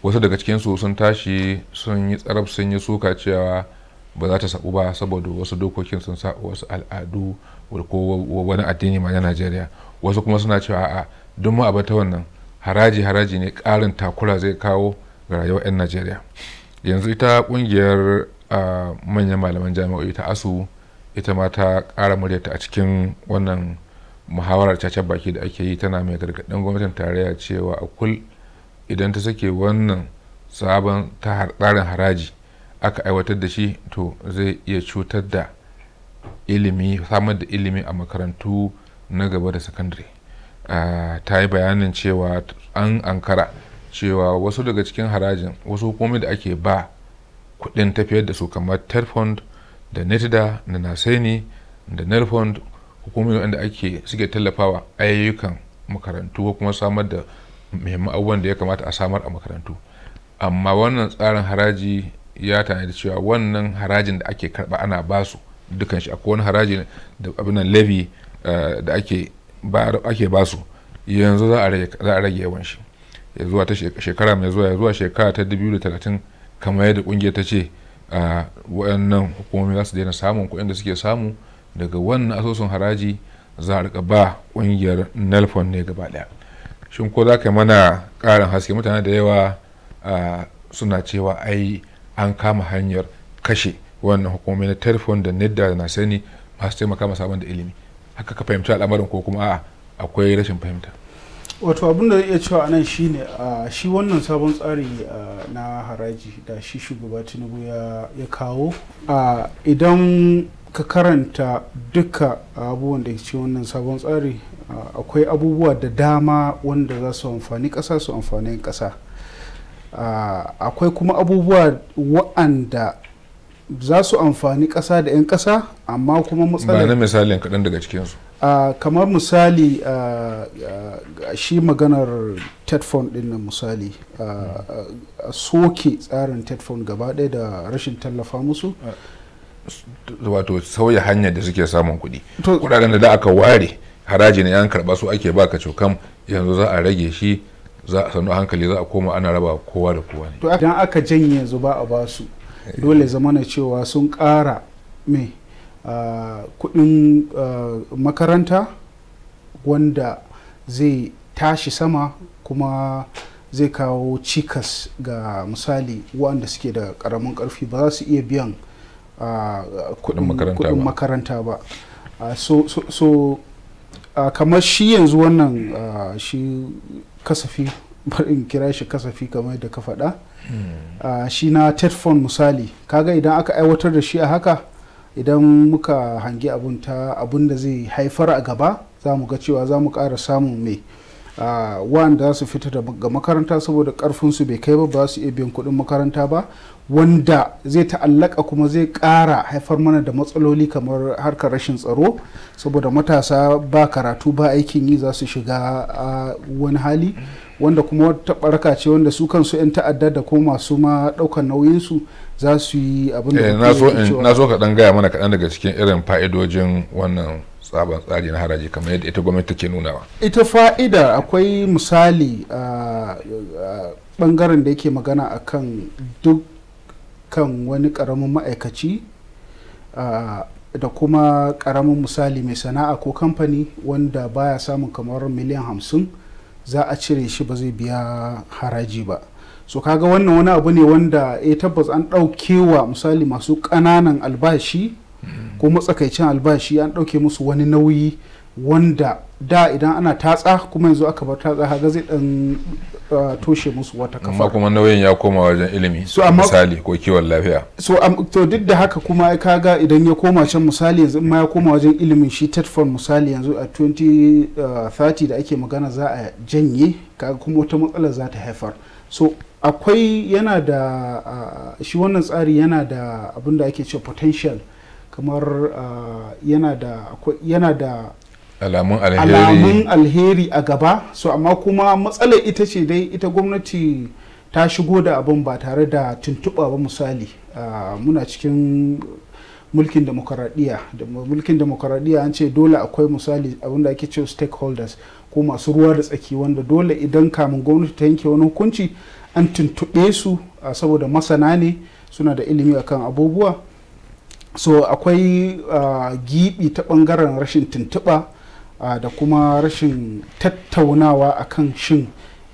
wasu daga cikinsu sun tashi sun yi tsarab sun yi suka cewa ba za ta sabu ba saboda wasu dokokin sun sa wasu al'adu ko wani addini ma na najeriya wasu kuma suna cewa a duk mu abata wannan haraji haraji ne karin takura zai kawo ga rayuwar 'yan najeriya yanzu ita kungiyar manyan malaman jami'o'i ta asu ita ma ta kara muryarta a cikin wannan muhawarar cacar baki da ake yi tana mai gargaɗin gwamnatin tarayya cewa a kul idan ta sake wannan sabon tsarin haraji aka aiwatar da shi to zai iya cutar da ilimi samar da ilimi a makarantu na gaba da sakandare ta yi bayanin cewa an ankara cewa wasu daga cikin harajin wasu hukumomi da ake ba kudin tafiyar da su kamar terfond da netida da naseni da nelfond. hukumomi wanda ake suke tallafawa ayyukan makarantu ko kuma samar da muhimman abubuwan da ya kamata a samar a makarantu amma wannan tsarin haraji ya tanadi cewa wannan harajin da ake karba ana basu dukan shi akwai wani haraji da abinan levy eh, da ake ake basu yanzu za a rage yawan shi ya zuwa ta shekara mai zuwa ya zuwa shekara ta 2030 kamar yadda kungiyar ta ce eh, waɗannan hukumomi za su daina samun kuɗin da suke samu daga wannan asusun haraji za a rika ba kungiyar nelfon ne gaba daya shin ko za ka mana karin haske mutane da yawa suna cewa ai an kama hanyar kashe wannan hukumomi na telefon da nidda na sani masu taimaka abin da ilimi haka ka fahimci al'amarin ko kuma a'a akwai rashin fahimta wato abin da zai iya cewa anan shine a shi wannan sabon tsari na haraji da shi shugaba tinubu ya kawo idan ka karanta duka abubuwan da ke wannan sabon tsari ah, akwai abubuwa da dama wanda za su amfani ƙasa su amfani ƙasa ah, akwai kuma abubuwa wa'anda za su amfani ƙasa da 'yan ƙasa amma kuma matsalar ba misalin kaɗan daga cikinsu ah, kamar misali shi maganar tetfon din nan misali soke tsarin tetfon gaba ɗaya da rashin tallafa musu uh. wato sauya hanyar da suke samun kuɗi kuɗaɗen da aka ware haraji na yan karɓa su ake baka cokan yanzu za a rage shi za a sannu hankali za a koma ana raba kowa da kowa ne to idan aka janye ba a basu eh. dole na cewa sun ƙara me kuɗin makaranta wanda zai tashi sama kuma zai kawo cikas ga misali waɗanda suke da ƙaramin ƙarfi ba za su iya biyan kudin makaranta ba so kamar shi yanzu wannan shi kasafi <laughs> barin kira shi kasafi kamar da ka faɗa hmm. shi na tetfon misali kaga idan aka aiwatar da shi a haka idan muka hangi abun ta abun da zai haifar a gaba za mu ga cewa za mu ƙara samun mai wanda su fita ga makaranta saboda karfinsu bai kai ba ba su iya biyan kuɗin makaranta ba wanda zai ta'allaka kuma zai kara haifar mana da matsaloli kamar harkar rashin tsaro saboda matasa ba karatu ba aikin yi za su shiga wani hali wanda kuma wata baraka ce wanda su kansu 'yan ta'adda da ko masu ma ɗaukar nauyinsu za su yi abin da eh, na so kaɗan gaya mana kaɗan daga cikin irin fa'idojin wannan tsaban tsari na haraji kamar yadda ita gwamnati ke nunawa ita fa'ida akwai misali a bangaren da yake magana akan duk kan wani karamin ma'aikaci da kuma karamin misali mai sana'a ko kamfani wanda baya samun kamar miliyan hamsin za a cire shi ba zai biya haraji ba so kaga wannan wani abu ne wanda ya eh, tabbas an wa misali masu ƙananan albashi ko matsakaicin albashi an ɗauke musu wani nauyi wanda da idan ana tatsa kuma yanzu aka bar tatsa haga zai dan Uh, toshe musu wata kafa amma kuma nauyin ya koma wajen ilimi so, amma, misali ko kiwon lafiya so um, to duk da haka kuma kaga idan ya koma can misali yanzu ma ya koma wajen ilimin shi tetfon misali yanzu a 2030 uh, da ake magana za a janye kaga kuma wata matsala za ta haifar so akwai yana da uh, shi wannan tsari yana da abin da ake ce potential kamar yana da yana da alamun alheri a gaba so amma kuma matsalar ita ce dai ita gwamnati ta shigo da abin ba tare da tuntuɓa ba misali ah, muna cikin mulkin demokaradiyya da mulkin demokaradiyya an ce dole akwai misali abin ake ce stakeholders ko masu ruwa da tsaki wanda dole idan kamun gwamnati ta yanke wani hukunci an tuntuɓe su ah, saboda masana ne suna da ilimi akan abubuwa so akwai uh, ah, giɓi ta ɓangaren rashin tuntuɓa da kuma rashin tattaunawa akan shin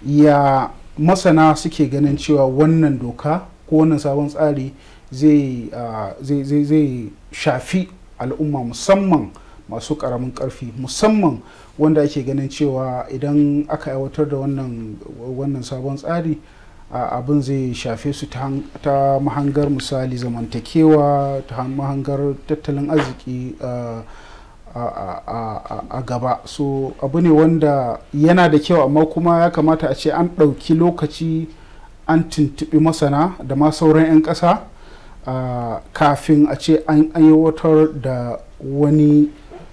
ya masana suke ganin cewa wannan doka ko wannan sabon tsari zai shafi al'umma musamman masu karamin karfi musamman wanda ake ganin cewa idan aka aiwatar da wannan sabon tsari abin zai shafe su ta mahangar misali zamantakewa ta mahangar tattalin arziki a gaba so abu ne wanda yana da kyau amma kuma ya kamata a ce an ɗauki lokaci an tuntuɓi masana da ma sauran 'yan ƙasa kafin a ce an aiwatar da wani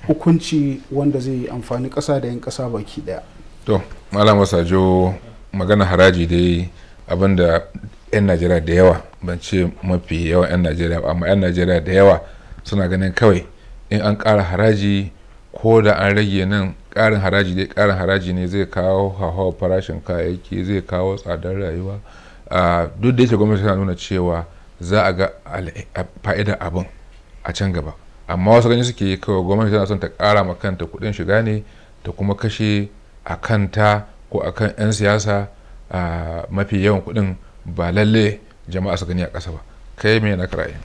hukunci wanda zai yi amfani ƙasa da 'yan ƙasa baki ɗaya to malam sajo magana haraji dai abinda 'yan najeriya da yawa ban ce mafi yawan 'yan najeriya amma 'yan najeriya da yawa suna ganin kawai in an ƙara haraji ko da an rage nan ƙarin haraji dai ƙarin haraji ne zai kawo hauhawar farashin kayayyaki zai kawo tsadar rayuwa duk da yake gwamnati tana nuna cewa za a ga fa'idar abin a can gaba amma wasu ganin suke yi kawai gwamnati tana son ta ƙara ma kanta kuɗin shiga ne ta kuma kashe a kanta ko a kan 'yan siyasa mafi yawan kuɗin ba lalle jama'a su gani a ƙasa ba kai me na ra'ayi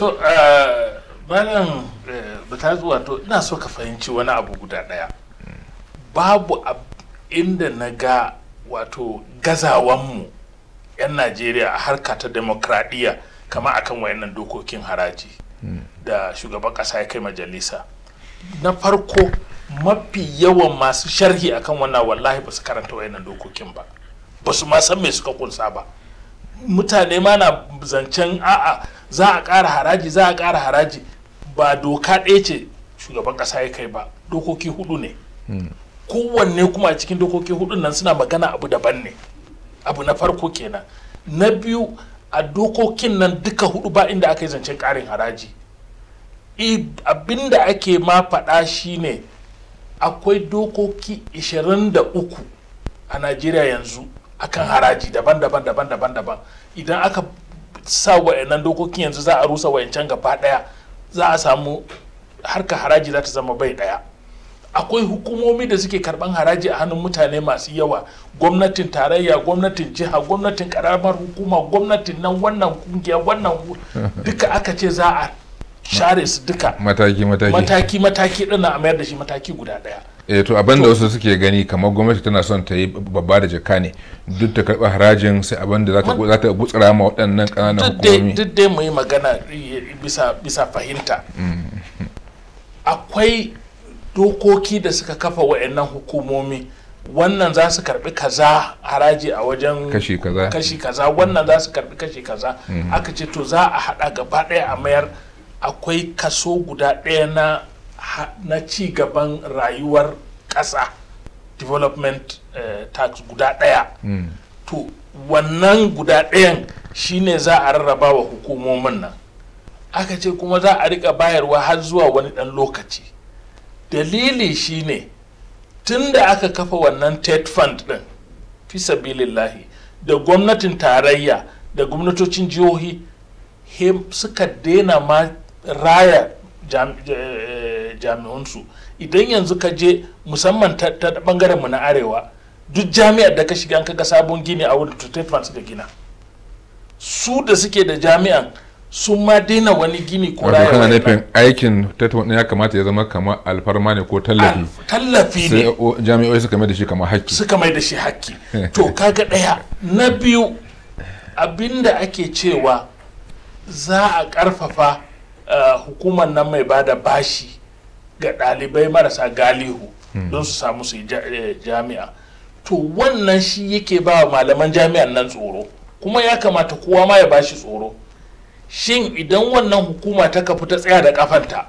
eh, malam eh, ta zuwa to ina so ka fahimci wani abu guda daya babu inda na ga wato gazawanmu 'yan najeriya a harka ta demokradiyya kama akan wayannan dokokin haraji da shugaban kasa ya kai majalisa na farko mafi yawan masu sharhi akan wannan wallahi ba su karanta wayannan dokokin ba ba su ma san me suka kunsa ba mutane ma na zancen a'a za a ƙara haraji za a ƙara haraji ba doka ɗaya ce shugaban ƙasa ya kai ba dokoki hudu ne hmm. kowanne kuma a cikin dokoki hudu nan suna magana abu daban ne abu na farko kenan na biyu a dokokin nan duka hudu ba inda aka yi zancen ƙarin haraji abinda ake ma faɗa ne akwai dokoki 23 a najeriya yanzu akan hmm. haraji daban-daban daban-daban idan aka sa wa'annan dokokin yanzu za a rusa wa'ancan gaba ɗaya za a samu harka haraji za ta zama bai daya akwai hukumomi da suke karban haraji a hannun mutane masu yawa gwamnatin tarayya gwamnatin jiha gwamnatin karamar hukuma gwamnatin nan wannan kungiya wannan duka aka ce za a share su duka mataki mataki mataki mataki din a mayar da shi mataki guda daya eh to abin da wasu suke gani kamar gwamnati tana son ta yi babba da jaka ne duk ta karɓa harajin sai abin da za ta gutsara ma waɗannan ƙananan hukumomi duk dai mu yi magana eh, bisa bisa fahimta mm. akwai dokoki da suka kafa wa'annan hukumomi wannan za su karbi kaza haraji a wajen kashi kaza kashi kaza wannan za su karbi kashi kaza mm. aka ce to za a hada gaba daya a mayar akwai kaso guda ɗaya na na ci gaban rayuwar ƙasa development uh, tax guda ɗaya mm. to wannan guda ɗayan shine za a rarraba wa hukumomin nan aka ce kuma za a rika bayarwa har zuwa wani ɗan lokaci dalili shine tun da aka kafa wannan ted fund ɗin fi sabilillahi da gwamnatin tarayya da gwamnatocin jihohi suka daina ma raya eh, jami'unsu idan yanzu ka je musamman ta bangaren mu na arewa duk jami'ar da ka shiga ka ga sabon gini a wurin tutefan suka gina su da suke da jami'an sun ma daina wani gini ko raya kana nufin aikin tattalin ya kamata ya zama kamar alfarma ne ko tallafi ah, tallafi ne jami'oi suka mai da shi kamar hakki suka mai da shi hakki eh. to kaga daya na biyu abinda ake cewa za a karfafa Eh, hukumar nan mai bada bashi ga ɗalibai marasa galihu hmm. don su samu su eh, jami'a to wannan shi yake ba wa malaman jami'an nan tsoro kuma ya kamata kowa ma ya bashi tsoro shin idan wannan hukuma ta kafu ta tsaya da kafanta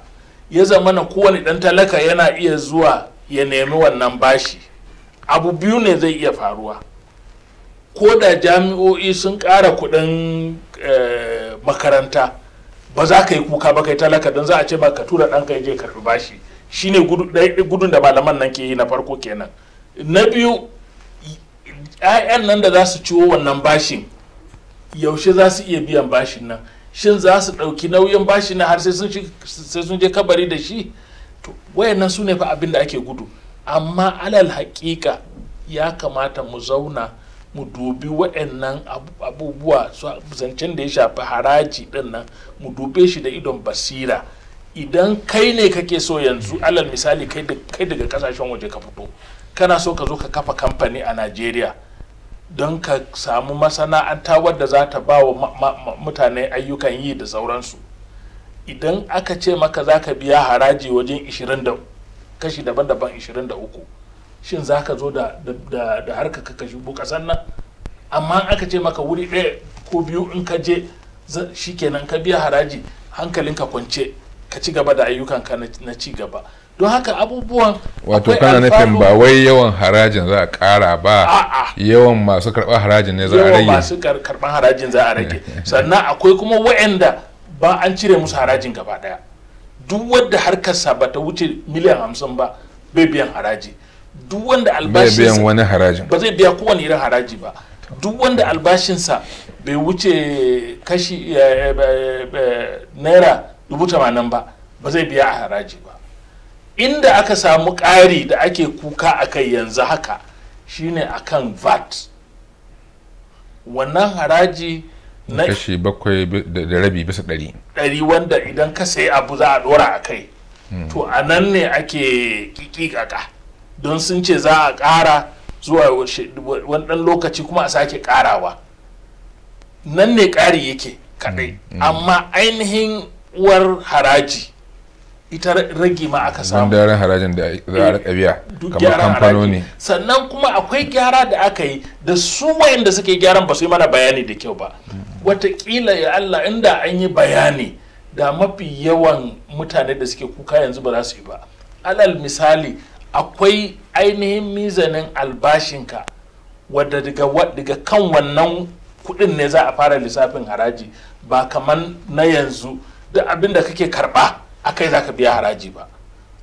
ya zama na kowane ɗan talaka yana iya zuwa ya nemi wannan bashi abu biyu ne zai iya faruwa ko da jami'o'i sun ƙara kuɗin eh, makaranta ba za ka yi kuka ba kai talaka don za a ce ba ka tura ɗanka ya je karfi bashi ne gudun da malaman nan ke yi na farko kenan na biyu 'ya'yan nan da za su ciwo wannan bashin yaushe za su iya biyan bashin nan shin za su ɗauki nauyin bashin nan har sai sun je kabari da shi to wayannan su ne fa abin da ake gudu amma alal haƙiƙa ya kamata mu zauna mu dubi waɗannan abubuwa zancen da ya shafi haraji ɗin nan mu dube shi da idon basira idan kai ne kake so yanzu alal misali kai daga kasashen waje ka fito kana so ka zo ka kafa kamfani a najeriya don ka samu masana'anta wadda za ta ba wa mutane ayyukan yi da sauransu idan aka ce maka za ka biya haraji wajen kashi daban-daban 23 shin za ka zo da harka ka kashi kasan nan amma aka ce maka wuri ɗaya ko biyu in ka je shi kenan ka biya haraji hankalinka kwance ka ci gaba da ayyukanka na ci gaba don haka abubuwan wato kana nufin ba wai yawan harajin za a kara ba yawan masu karɓar harajin ne za a rage yawan masu karɓar harajin za a rage <laughs> sannan akwai kuma wa'anda ba an cire musu harajin gaba ɗaya duk wadda harkarsa ba ta wuce miliyan hamsin ba bai biyan haraji duk wanda albashinsa biyan wani harajin ba zai biya kowane irin haraji ba duk wanda albashinsa bai wuce kashi eh, eh, eh, naira dubu tamanin ba ba zai biya a haraji ba inda aka samu ƙari da ake kuka a kai yanzu haka shine a kan vat wannan haraji na kashi bakwai da rabi bisa ɗari ɗari wanda idan ka sayi abu za a ɗora a kai hmm. to a nan ne ake ƙiƙiƙaƙa don sun ce za a ƙara zuwa wani ɗan lokaci kuma a sake ƙarawa nan ne ƙari yake kaɗai mm. amma ainihin uwar haraji ita rage ma aka samu gyaran harajin da za a eh, rika biya kamar kamfanoni sannan kuma akwai gyara da aka yi da su wayanda suke gyaran ba su yi mana bayani da kyau ba mm. watakila ya Allah inda an yi bayani da mafi yawan mutane da suke kuka yanzu ba za su yi ba alal misali akwai ainihin mizanin albashinka wadda daga kan wannan kudin ne za a fara lissafin haraji ba kamar na yanzu duk abin da kake karba akai za ka biya haraji ba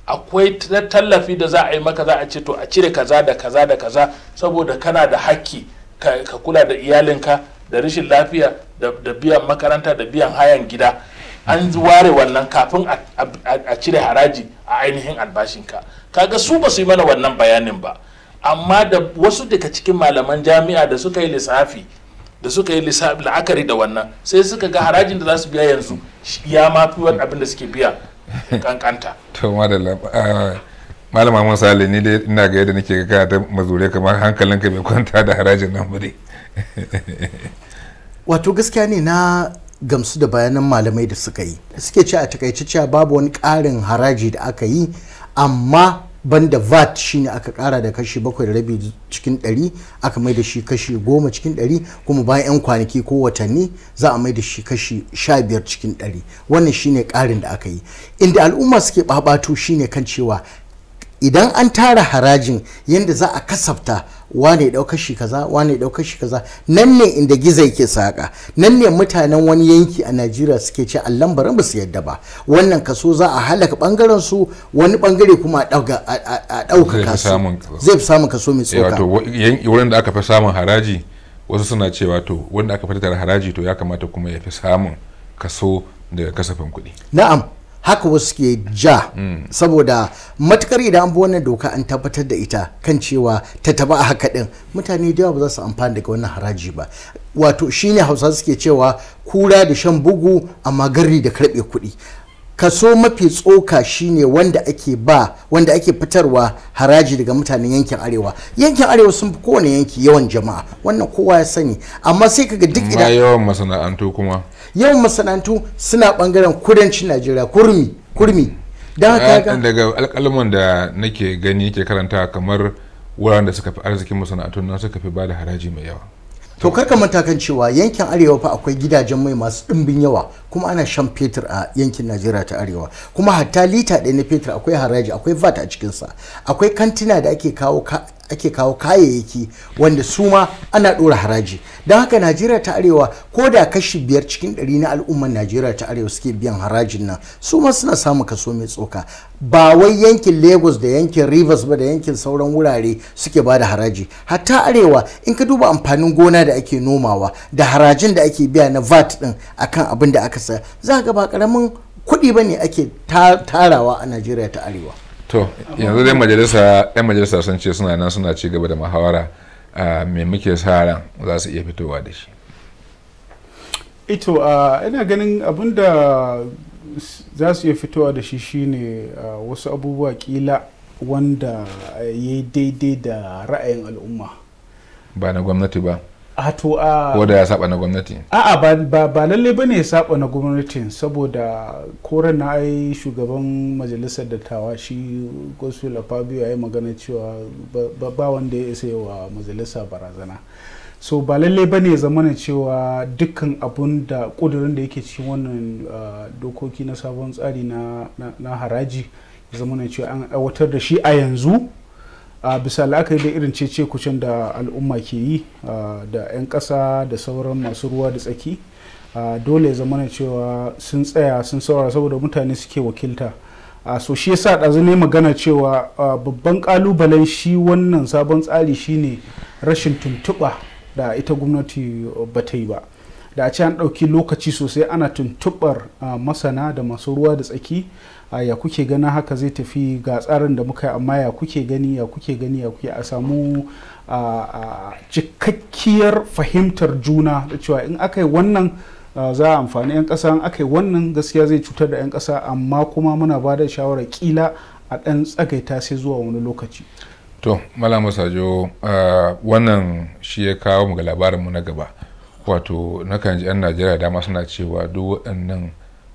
akwai tallafi da za a yi maka za a ce to a cire kaza da kaza da kaza saboda kana da hakki ka kula da iyalinka da rashin lafiya da biyan makaranta da biyan hayan gida an ware wannan kafin a cire haraji a ainihin albashinka kaga su ba su yi mana wannan bayanin ba amma da wasu daga cikin malaman jami'a da suka yi lissafi da suka yi la'akari da wannan sai suka ga harajin da za su biya yanzu ya ma fi wani abin da suke biya kankanta <laughs> to malama musa ali ni dai ina ga yadda nake ga ta mazure kamar hankalinka bai kwanta da harajin nan ba <laughs> wato gaskiya ne na gamsu da bayanan malamai da suka yi suke ce a takaice cewa babu wani ƙarin haraji da aka yi amma banda vat shine aka kara da kashi bakwai da rabi cikin ɗari aka mai da shi kashi goma cikin ɗari kuma bayan 'yan kwanaki ko watanni za a mai da shi kashi sha biyar cikin ɗari wannan shine ƙarin da aka yi inda al'umma suke ɓaɓato shine kan cewa idan an tara harajin yadda za a kasafta wane daukar shi kaza wane daukar shi kaza nan ne inda giza yake saƙa nan ne mutanen wani yanki a najeriya suke ce allan lambarin ba su yadda ba wannan kaso za a halaka bangaren su wani ɓangare kuma a ɗauka kaso zai fi samun kaso mai tsoka eh, wurin da aka fi samun haraji wasu suna cewa to wanda aka fi haraji to ya kamata kuma ya fi samun kaso daga kasafin kuɗi na'am haka wasu ke ja saboda matukar idan an bi wannan doka an tabbatar da ita kan cewa ta taba a haka din mutane da yawa ba za su amfana daga wannan haraji ba wato shine hausa suke cewa kura da shan bugu amma garri da karbe kuɗi kaso mafi tsoka shine wanda ake ba wanda ake fitarwa haraji daga mutanen yankin arewa yankin arewa sun fi kowane yanki yawan jama'a wannan kowa ya sani amma sai kaga duk idan yawan masana'antu kuma yawan masana'antu suna bangaren kudancin najeriya kurmi kurmi don haka ga eh, daga alƙalman da nake gani ke karanta kamar wuraren da suka fi arzikin masana'antu na suka fi bada haraji mai yawa to karka matakan cewa yankin arewa fa akwai gidajen mai masu ɗimbin yawa kuma ana shan fetur a yankin najeriya ta arewa kuma hatta lita ɗaya na fetur akwai haraji akwai vat a cikinsa akwai kantina da ake kawo ake kawo kayayyaki wanda su ma ana ɗora haraji don haka najeriya ta arewa ko da kashi biyar cikin ɗari na al'ummar najeriya ta arewa suke biyan harajin nan su ma suna samun kaso mai tsoka ba wai yankin lagos da yankin rivers ba da yankin sauran wurare suke ba da haraji hatta arewa in ka duba amfanin gona da ake nomawa da harajin da ake biya na vat din akan abin da aka saya za ga ba karamin kuɗi ba ne ake tarawa a najeriya ta arewa to yanzu dai majalisa yan majalisa sun ce suna nan suna ci gaba da muhawara me muke sa ran za su iya fitowa da shi ito ina ganin abin da za su iya fitowa da shi shine wasu abubuwa kila wanda ya yi daidai da ra'ayin al'umma ba na gwamnati ba a to a ko da ya saba na gwamnati a'a ba ba lalle bane ya saba na gwamnatin saboda koran na ai shugaban majalisar dattawa shi gospel fabio ya magana cewa ba wanda ya isa wa majalisa barazana so ba lalle bane ne zamana cewa dukkan abun da kudurin da yake cikin wannan uh, dokoki na sabon tsari na, na, na haraji zamana cewa an aiwatar da shi a yanzu a bisa la'akari da irin cece kucin da al'umma ke yi da 'yan ƙasa da sauran masu ruwa da tsaki dole zamana cewa sun tsaya sun saurara saboda mutane suke wakilta so shi yasa ɗazu ne magana cewa babban ƙalubalen shi wannan sabon tsari shine rashin tuntuɓa da ita gwamnati ba ta yi ba da a ce an ɗauki lokaci sosai ana tuntuɓar ah, masana da masu ruwa da tsaki ah, ya kuke gana haka zai tafi ga tsarin da muka yi amma ya kuke gani ya kuke gani ya kuke a samu ah, cikakkiyar fahimtar juna da cewa in aka yi wannan za a amfani 'yan kasa in aka yi wannan gaskiya zai cutar da 'yan ƙasa amma kuma muna ba da shawarar kila a ɗan tsagaita sai zuwa wani lokaci to malama masajo wannan shi ya kawo mu ga labarinmu na gaba wato nakan ji 'yan najeriya dama suna cewa duk waɗannan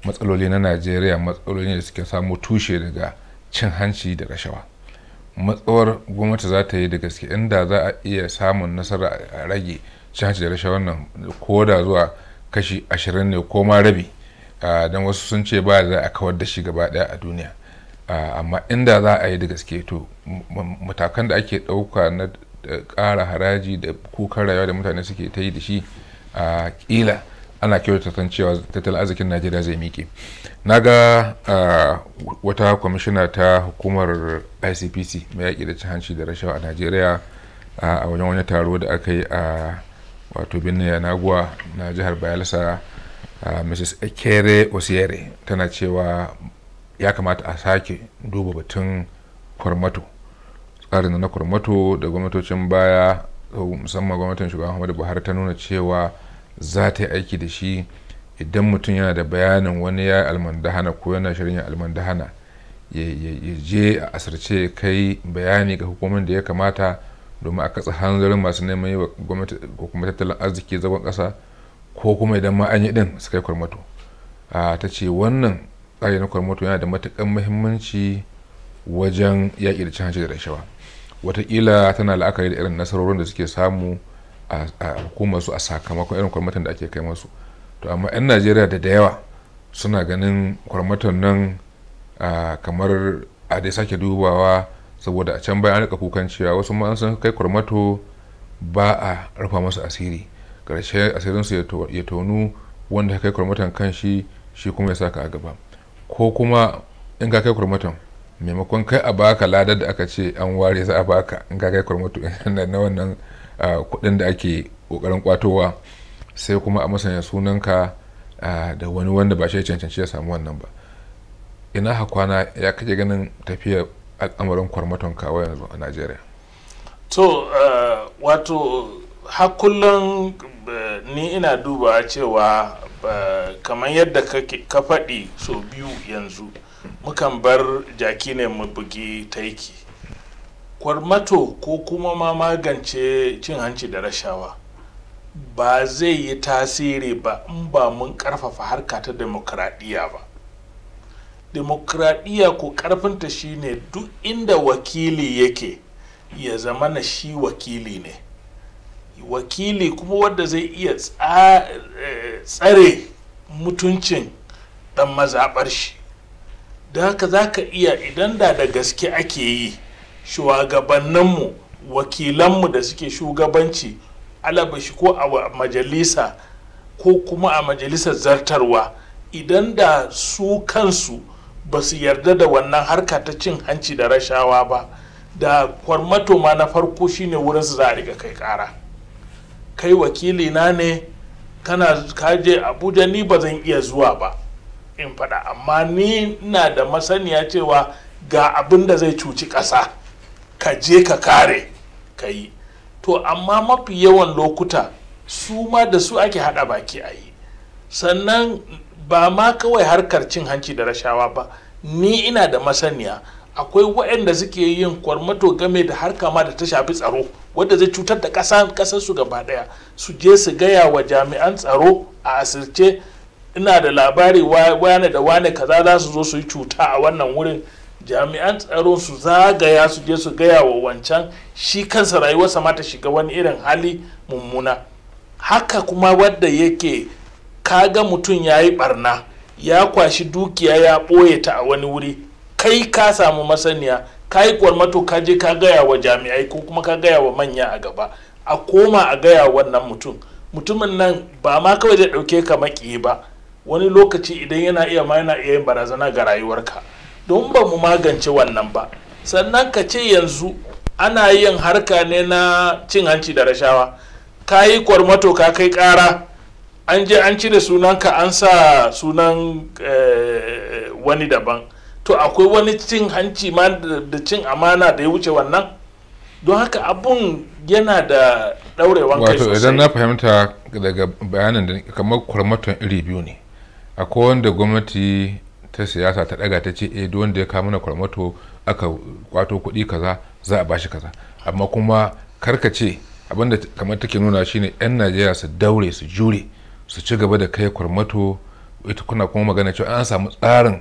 matsaloli na najeriya matsaloli da suke samu tushe daga cin hanci da rashawa matsawar gwamnati za ta yi da gaske inda za a iya samun nasara a rage cin hanci da rashawa nan ko da zuwa kashi ashirin ne ko ma rabi don wasu sun ce ba za a kawar da shi gaba daya a duniya amma inda za a yi da gaske to matakan da ake ɗauka na eh, ƙara haraji da kukan rayuwa da mutane suke ta yi da shi a kila ana kyautatan cewa tattalin arzikin najeriya zai miki na ga wata kwamishina ta hukumar icpc mai yaƙi da cin hanci da rashawa a najeriya a wajen wani taro da aka yi a wato birnin yanaguwa na jihar bayelsa mrs ekere osiyere tana cewa ya kamata a sake duba batun kwarmato tsarin na kwarmato da gwamnatocin baya musamman gwamnatin shugaban buhari ta nuna cewa za ta yi aiki da shi idan mutum yana da bayanin wani ya yi almandahana ko yana shirin ya almandahana ya je a asirce kai bayani ga hukumar da ya kamata domin a katsa hanzarin masu neman yi wa gwamnati tattalin arziki zagon kasa ko kuma idan ma an yi din su kai kwarmato ta ce wannan tsari na kwarmato yana da matukan muhimmanci wajen yaƙi da cin hanci da rashawa watakila tana la'akari da irin nasarorin da suke samu a hukumar su a sakamakon irin kwarmatan da ake kai masu to amma 'yan najeriya da da yawa suna ganin kwarmatan nan kamar a dai sake dubawa saboda a can bayan rika kukan cewa wasu ma sun kai kwarmato ba a rufa masu asiri karshe su ya tonu wanda ya kai kwarmatan kan shi shi kuma ya saka a gaba ko kuma in ka kai kwarmatan maimakon kai a baka ladar da aka ce an ware za a baka in ka kai kwarmato <laughs> na wannan kudin da ake kokarin kwatowa sai kuma a masanya sunanka da wani wanda ba shi cancanci ya samu wannan ba ina hakwana ya kake ganin tafiya al'amarin kwarmaton kawo yanzu a najeriya to wato har ni ina duba cewa kamar yadda ka faɗi so biyu yanzu mukan bar jaki ne mu bugi taiki kwarmato ko kuma ma magance cin hanci da rashawa ba zai yi tasiri ba in ba mun karfafa harka ta demokradiyya ba demokradiyya ko karfinta shine duk inda wakili yake ya zama na shi wakili ne wakili kuma wadda zai iya eh, tsare mutuncin dan mazaɓar shi da haka za ka iya idan da da gaske ake yi shugabanninmu wakilanmu da suke shugabanci alabashi ko a majalisa ko kuma a majalisar zartarwa idan da su kansu ba su yarda da wannan harka ta cin hanci da rashawa ba da kwarmato ma na farko shine wurin su za a riga kai kara kai wakilina ne kana kaje abuja ni ba zan iya zuwa ba in faɗa amma ni na da masaniya cewa ga abin da zai cuci ƙasa ka je ka kare ka yi to amma mafi yawan lokuta su ma da su ake hada baki a yi sannan ba ma kawai harkar cin hanci da rashawa ba ni ina da masaniya akwai waɗanda suke yin kwarmato game da harka ma da ta shafi tsaro wadda zai cutar da ƙasar su gaba ɗaya su je su gaya wa jami'an tsaro a asirce ina da labari wane da wane kaza za su zo su yi cuta a wannan wurin jami'an tsaro su zagaya su je su gaya wa wancan shi kansa rayuwarsa ma ta shiga wani irin hali mummuna haka kuma wadda yake kaga mutum ya yi barna ya kwashi dukiya ya ɓoye ta a wani wuri kai ka samu masaniya ka yi kwarmato ka je ka gaya wa jami'ai ko kuma ka gaya wa manya a gaba a koma a gaya wannan mutum mutumin nan ba ma kawai zai ɗauke ka maƙiyi ba wani lokaci idan yana iya ma yana iya yin barazana ga rayuwarka don ba mu magance wannan ba sannan ka ce yanzu ana yin harka ne na cin hanci da rashawa ka yi kwarmato ka kai kara an je an cire sunanka an sa sunan eh, wani daban to akwai wani cin hanci ma da cin amana da ya wuce wannan don haka abun yana da daurewan kai sosai wato idan na fahimta daga bayanin da kamar kwarmaton iri biyu ne akwai wanda gwamnati ta siyasa ta daga ta ce eh duk wanda ya kawo mana kwarmato aka kwato kuɗi kaza za a bashi kaza amma kuma ce abinda kamar take nuna shine yan najeriya su daure su jure su ci gaba da kai kwarmato ita kuna kuma magana cewa an samu tsarin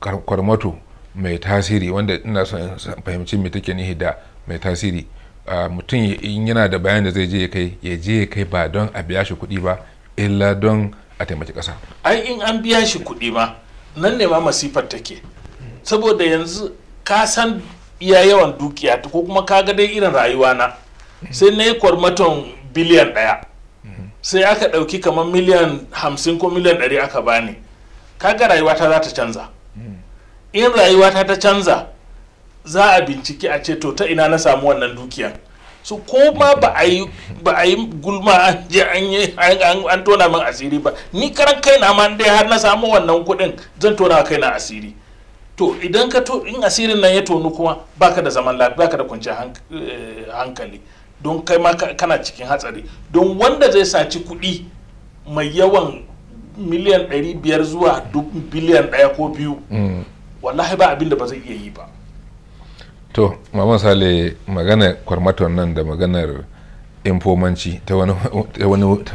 kwarmato mai tasiri wanda ina son fahimci me take nihi da mai tasiri mutum in yana da bayan da zai je ya kai ya je ya kai ba don a biya shi kuɗi ba illa don a taimaki ƙasa ai in an biya shi kuɗi ba nan ne ma masifar take saboda yanzu ka san iya yawan dukiya ta ko kuma ka ga dai irin rayuwa na sai na yi kwarmaton biliyan ɗaya sai aka ɗauki kamar miliyan hamsin ko miliyan ɗari aka bani kaga rayuwata za ta canza in rayuwata ta canza za a binciki a ce to ta ina na samu wannan dukiyan su ko ma ba a yi ba a yi gulma an je an yi an tona min asiri ba ni karan kai na ma dai har na samu wannan kuɗin zan tona kai na asiri to idan ka to in asirin nan ya tonu kuma baka da zaman lafiya baka da kwanciyar eh, hankali don kai ma kana cikin hatsari don wanda zai saci kuɗi mai yawan miliyan 500 zuwa biliyan ɗaya ko biyu mm. wallahi ba abin da ba zai iya yi ba to mama sale magana kwarmaton nan da maganar infomanci ta wani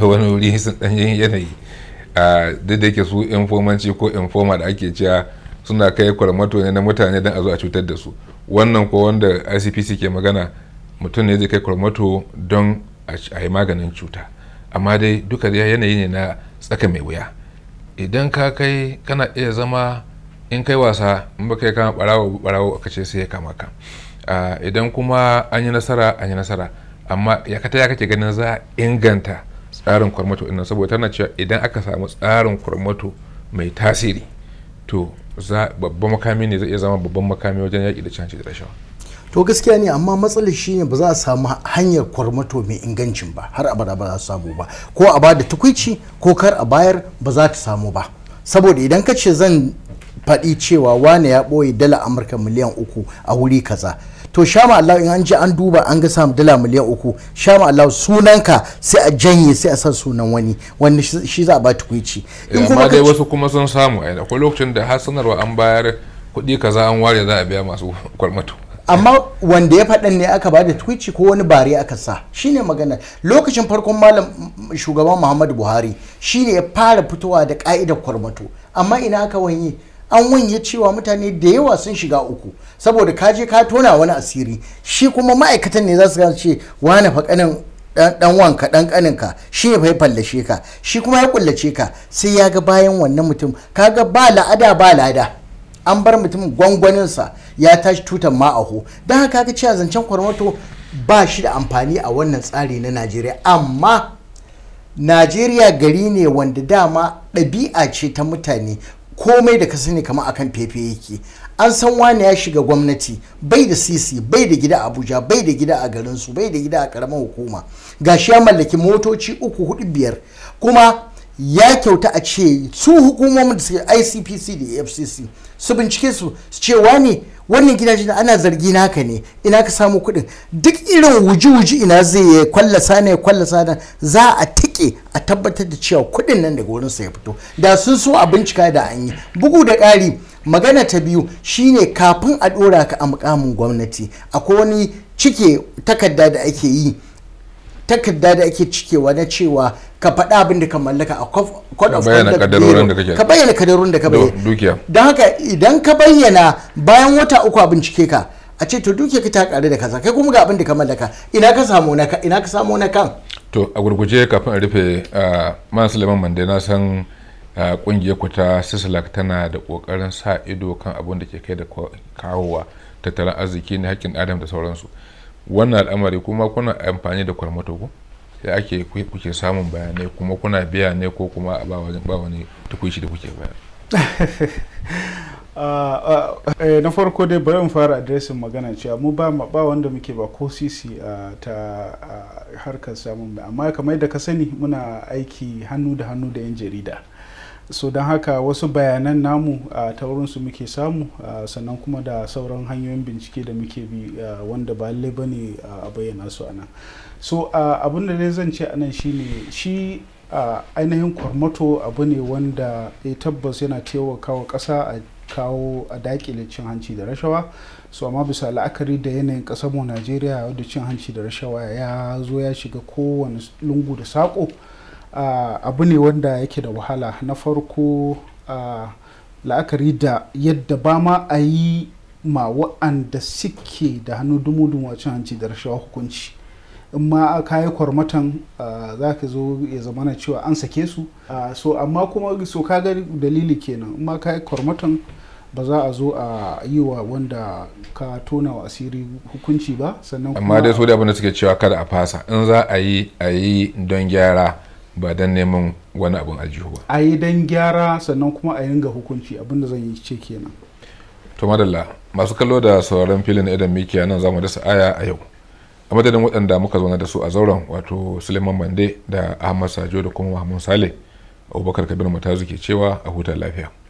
wuri sun ɗanyen yanayi a duk da yake su infomanci ko infoma da ake cewa suna kai kwarmato ne na mutane don a zo a cutar da su wannan ko wanda icpc ke magana mutum ne zai kai kwarmato don a yi maganin cuta amma dai duka yanayi ne na tsaka mai wuya idan ka kai kana iya zama in kai wasa in baka kama barawo barawo ka ce sai ya kama ka idan kuma an yi nasara an yi nasara amma ya kata ya kake ganin za a inganta tsarin kwarmato ɗin saboda tana cewa idan aka samu tsarin kwarmato mai tasiri to babban makami ne zai iya zama babban makami wajen yaƙi da canci da rashawa to gaskiya ne amma matsalar shi ne ba za a samu hanyar kwarmato mai ingancin ba har abada ba za su samu ba ko a bada tukwici ko kar a bayar ba za ta samu ba saboda idan ka ce zan faɗi cewa wane ya ɓoye dala amurka miliyan uku a wuri kaza to shama Allah in an ji an duba an ga samu dala miliyan uku shama Allah sunanka sai a janye sai a san sunan wani wani shi za a ba tukuici in eh, kuma dai wasu kuma sun samu a akwai lokacin da har sanarwa an bayar kuɗi kaza an ware za a biya masu kwalmato amma wanda ya faɗan ne aka bada tukuici ko wani bari aka sa shine magana lokacin farkon malam shugaban muhammadu buhari shine ya fara fitowa da ka'idar kwarmato amma ina aka wani an wanye cewa mutane da yawa sun shiga uku saboda ka je ka tona wani asiri shi kuma ma'aikatan ne za su ce wane faƙanin kanin dan wanka dan kaninka shi ya fai fallashe ka shi kuma ya kullace ka sai ya ga bayan wannan mutum ga, ba la'ada ba la'ada an bar mutum gwangwaninsa ya tashi tutan ma'aho don haka ga cewa zancen kwarmato ba shi da amfani a wannan tsari na najeriya amma najeriya gari ne wanda dama ɗabi'a ce ta mutane komai da ka sani kamar akan fefe yake an san wani ya shiga gwamnati bai da sisi bai da gida abuja bai da gida a garinsu bai da gida a karamar hukuma gashi ya mallaki motoci uku hudu biyar kuma ya kyauta a ce su hukumomin da suke icpc da afcc su bincike su su ce wani wannan gidajen da ana zargi naka ne ina ka samu kuɗin duk irin wuji-wuji ina zai yi kwallasa ne kwallasa nan za a tike a tabbatar da cewa kuɗin nan daga wurin sa ya fito da sun so a bincika da an yi bugu da ƙari magana ta biyu shine kafin a ɗora ka a mukamin gwamnati akwai wani cike takarda da ake yi takarda da ake cikewa na cewa ka faɗa abin da ka mallaka a code of conduct ka bayyana kadarorin da ka bayyana don haka idan ka bayyana bayan wata uku a bincike ka a ce to duke ka ta kare da kaza kai kuma ga abin da ka mallaka ina ka samu na ka ina ka samu na kan to a gurguje kafin a rufe man suleiman mande na san kungiyar ku ta sislak tana da kokarin sa ido kan abin da ke kai da kawowa tattalin arziki ne hakkin adam da sauransu wannan al'amari kuma kuna amfani da kwarmato ko ya ake kuke samun bayanai kuma kuna biya ne ko kuma ba wani ba da kuke bayar <laughs> ah, ah, eh, na farko dai bari in fara adresin magana cewa mu ba ba wanda muke ba ko sisi ah, ta harkar samun amma kamar da ka sani muna aiki hannu da hannu da yan jarida so don haka wasu bayanan namu a ta wurinsu muke samu sannan kuma da sauran hanyoyin bincike da muke bi wanda ba lalle ba ne a bayyana su anan so abin da zan ce anan shine shi ainihin kwarmato abu ne wanda ya e, tabbas yana taimakawa kasa a kawo a dakile cin hanci da rashawa so amma bisa la'akari da yanayin mu najeriya wadda cin hanci da rashawa ya zo ya shiga kowane lungu da saƙo Ah, abu ne wanda yake da wahala na farko ah, la'akari da yadda ba ma a yi ma wa'anda suke da hannu dumudun wacin hanci da rashawa hukunci in ma ka yi kwarmatan ah, za ka zo ya zama na cewa an sake su so amma kuma so ka ga dalili kenan in ma ka yi kwarmatan ba za a zo a yi wa wanda ka tona wa asiri hukunci ba sannan amma dai so da abin da suke cewa kada a fasa in za a yi a yi don gyara ba dan neman wani abin aljihu ba a yi don gyara sannan kuma a ga hukunci abin da zan yi ce kenan to madalla masu kallo da sauraron filin idan mikiya nan zamu dasa aya a yau a madadin waɗanda muka zauna da su a zauren wato suleiman bande da ahmad sajo da kuma mahmud saleh abubakar kabir mutazu ke cewa a huta lafiya